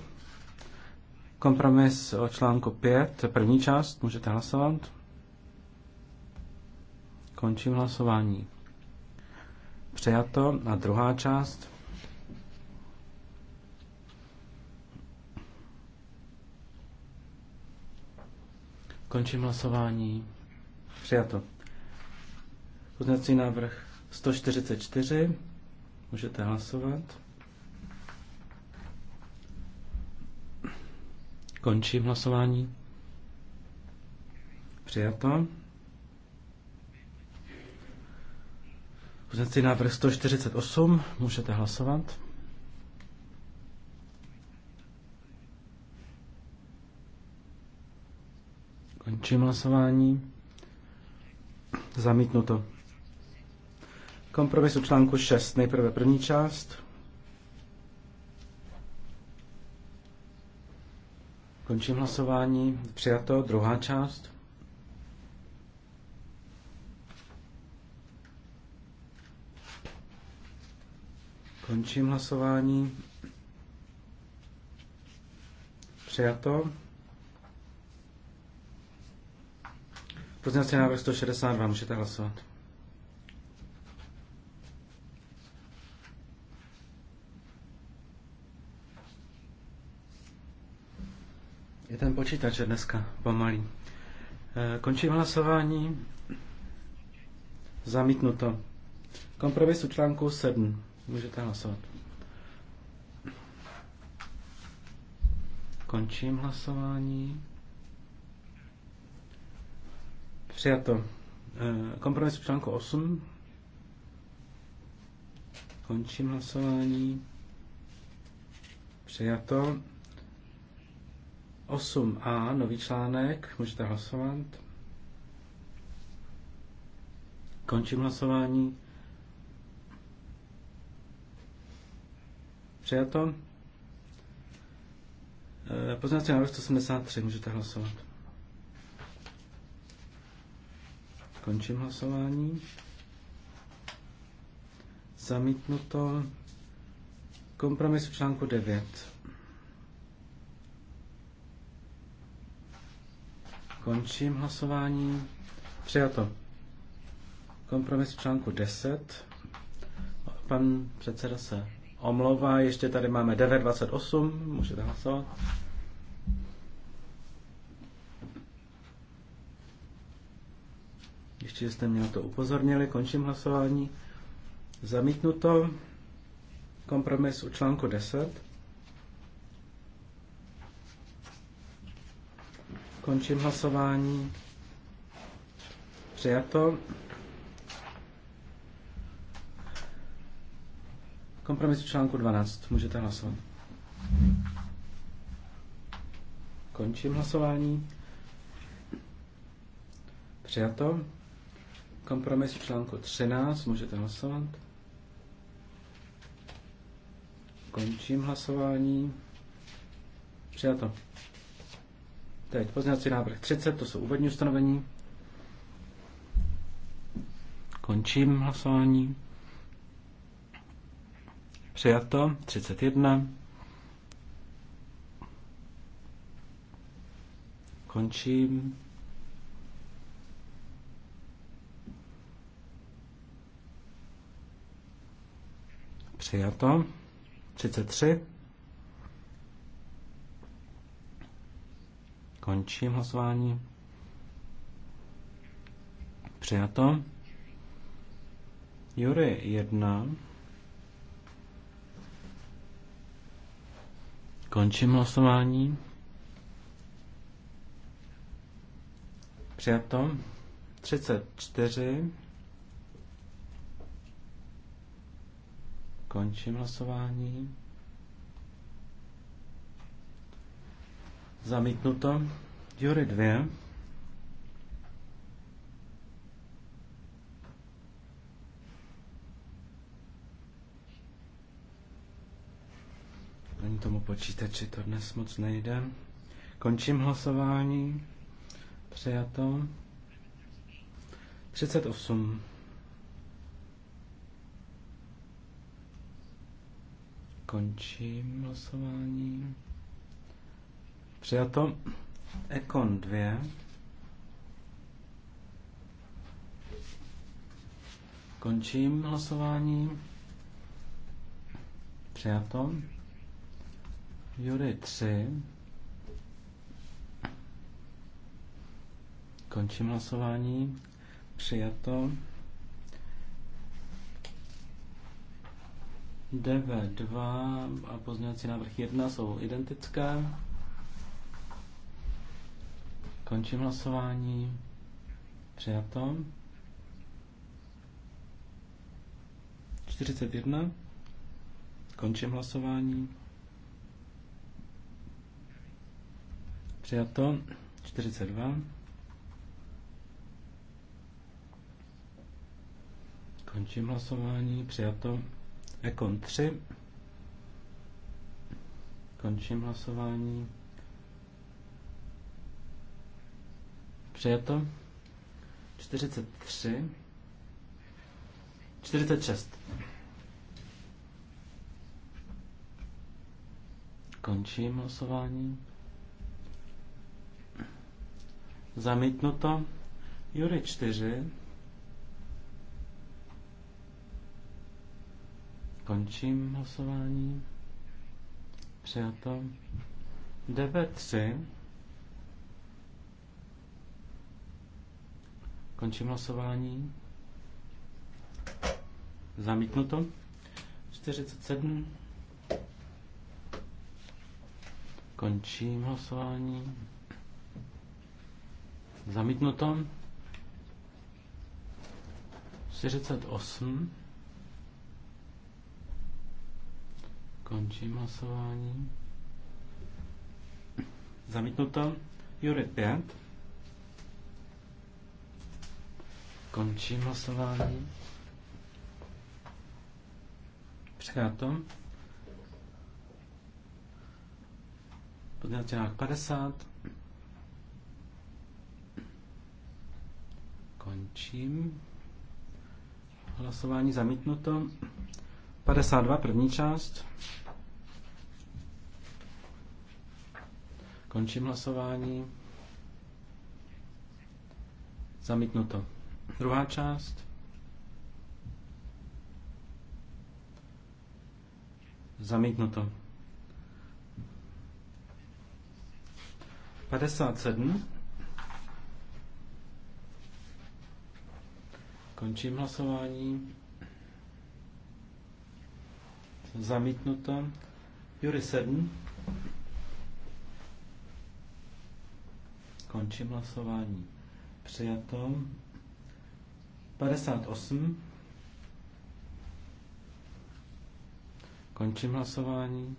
Kompromis o článku 5, první část, můžete hlasovat. Končím hlasování. Přijato. A druhá část. Končím hlasování. Přijato. Poznací návrh 144. Můžete hlasovat. Končím hlasování. Přijato. Pozměňovací návrh 148. Můžete hlasovat. Končím hlasování. Zamítnuto. Kompromisu článku 6, nejprve první část. Končím hlasování. Přijato, druhá část. Končím hlasování. Přijato. Pozměňovací návrh 162, můžete hlasovat. Je ten počítač je dneska pomalý. Eh, končím hlasování. Zamítnuto. Kompromis u článku 7. Můžete hlasovat. Končím hlasování. Přijato. Eh, kompromis u článku 8. Končím hlasování. Přijato. 8a, nový článek, můžete hlasovat. Končím hlasování. Přijato. E, Poznací návrh 173, můžete hlasovat. Končím hlasování. Zamítnuto. Kompromis v článku 9. Končím hlasování. Přijato. Kompromis v článku 10. Pan předseda se omlouvá. Ještě tady máme 9.28. Můžete hlasovat. Ještě jste mě na to upozornili. Končím hlasování. Zamítnuto. Kompromis u článku 10. Končím hlasování. Přijato. Kompromis v článku 12. Můžete hlasovat. Končím hlasování. Přijato. Kompromis v článku 13. Můžete hlasovat. Končím hlasování. Přijato. Teď pozměňovací návrh 30, to jsou úvodní ustanovení. Končím hlasování. Přijato 31. Končím. Přijato 33. Končím hlasování. Přijato. Jury 1. Končím hlasování. Přijato. 34. Končím hlasování. Zamítnuto. Jury 2. Ani tomu počítači to dnes moc nejde. Končím hlasování. Přijato. 38. Končím hlasování. Přijato. Ekon 2. Končím hlasování. Přijato. Jury 3. Končím hlasování. Přijato. DV2 a pozměňovací návrh 1 jsou identické. Končím hlasování. Přijato. 41. Končím hlasování. Přijato. 42. Končím hlasování. Přijato. Ekon 3. Končím hlasování. Přijato. 43. 46. Končím hlasování. Zamítnuto. Jury 4. Končím hlasování. Přijato. 3. Končím hlasování. Zamítnuto. 47. Končím hlasování. Zamítnuto. 48. Končím hlasování. Zamítnuto. Jury 5. Končím hlasování. Přijato. Pozměňovací návrh 50. Končím. Hlasování zamítnuto. 52, první část. Končím hlasování. Zamítnuto. Druhá část. Zamítnuto. 57. Končím hlasování. Zamítnuto. Jury 7. Končím hlasování. Přijato. 58. Končím hlasování.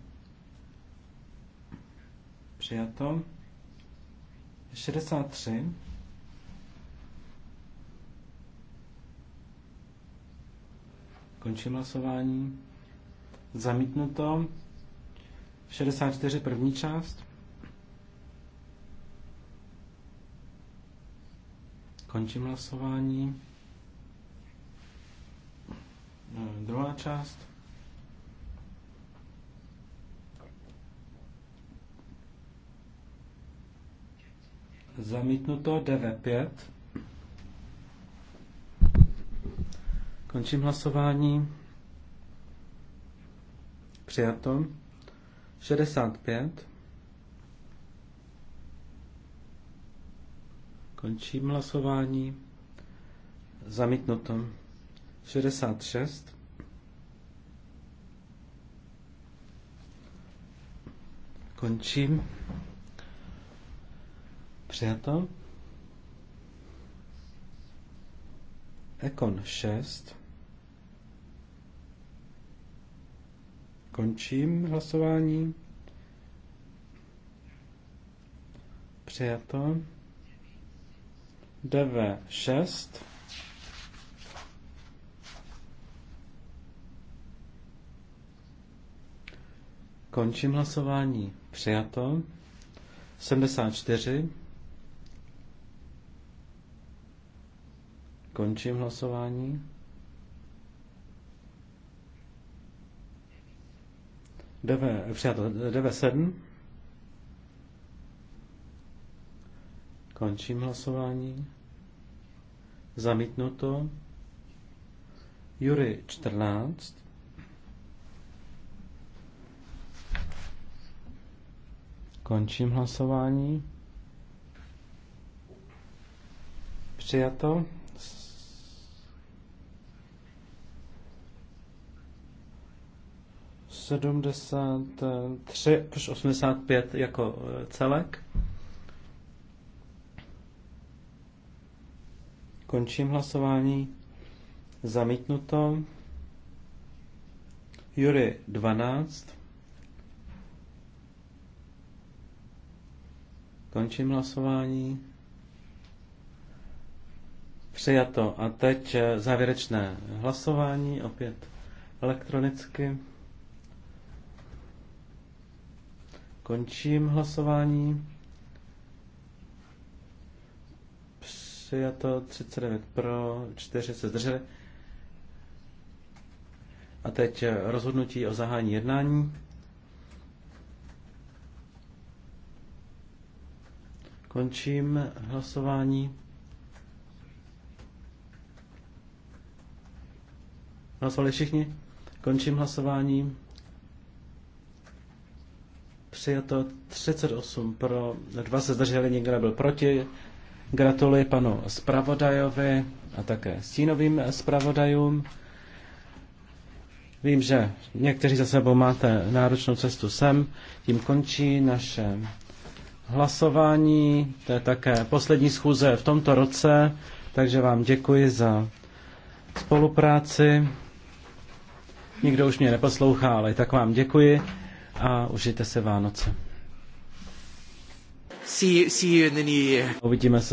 Přijato. 63. Končím hlasování. Zamítnuto. 64 první část. Končím hlasování. Hm, druhá část. Zamítnuto DV5. Končím hlasování. Přijato. 65. Končím hlasování. Zamítnuto. 66. Končím. Přijato. Ekon 6. Končím hlasování. Přijato. DV 6. Končím hlasování. Přijato. 74. Končím hlasování. 9 přijato, 97. 7 Končím hlasování. Zamítnuto. Jury 14. Končím hlasování. Přijato. Sedmdesát tři až osmdesát pět jako eh, celek. Končím hlasování. Zamítnuto. Jury 12. Končím hlasování. Přijato. A teď eh, závěrečné hlasování, opět elektronicky. Končím hlasování. Přijato 39 pro, 4 se zdrželi. A teď eh, rozhodnutí o zahájení jednání. Končím hlasování. Hlasovali všichni? Končím hlasování. Přijato 38 pro, dva se zdrželi, nikdo nebyl proti. Gratuluji panu zpravodajovi a také stínovým zpravodajům. Vím, že někteří za sebou máte náročnou cestu sem. Tím končí naše hlasování. To je také poslední schůze v tomto roce, takže vám děkuji za spolupráci. Nikdo už mě neposlouchá, ale tak vám děkuji a užijte se Vánoce. See you, see you in the new year. Uvidíme se.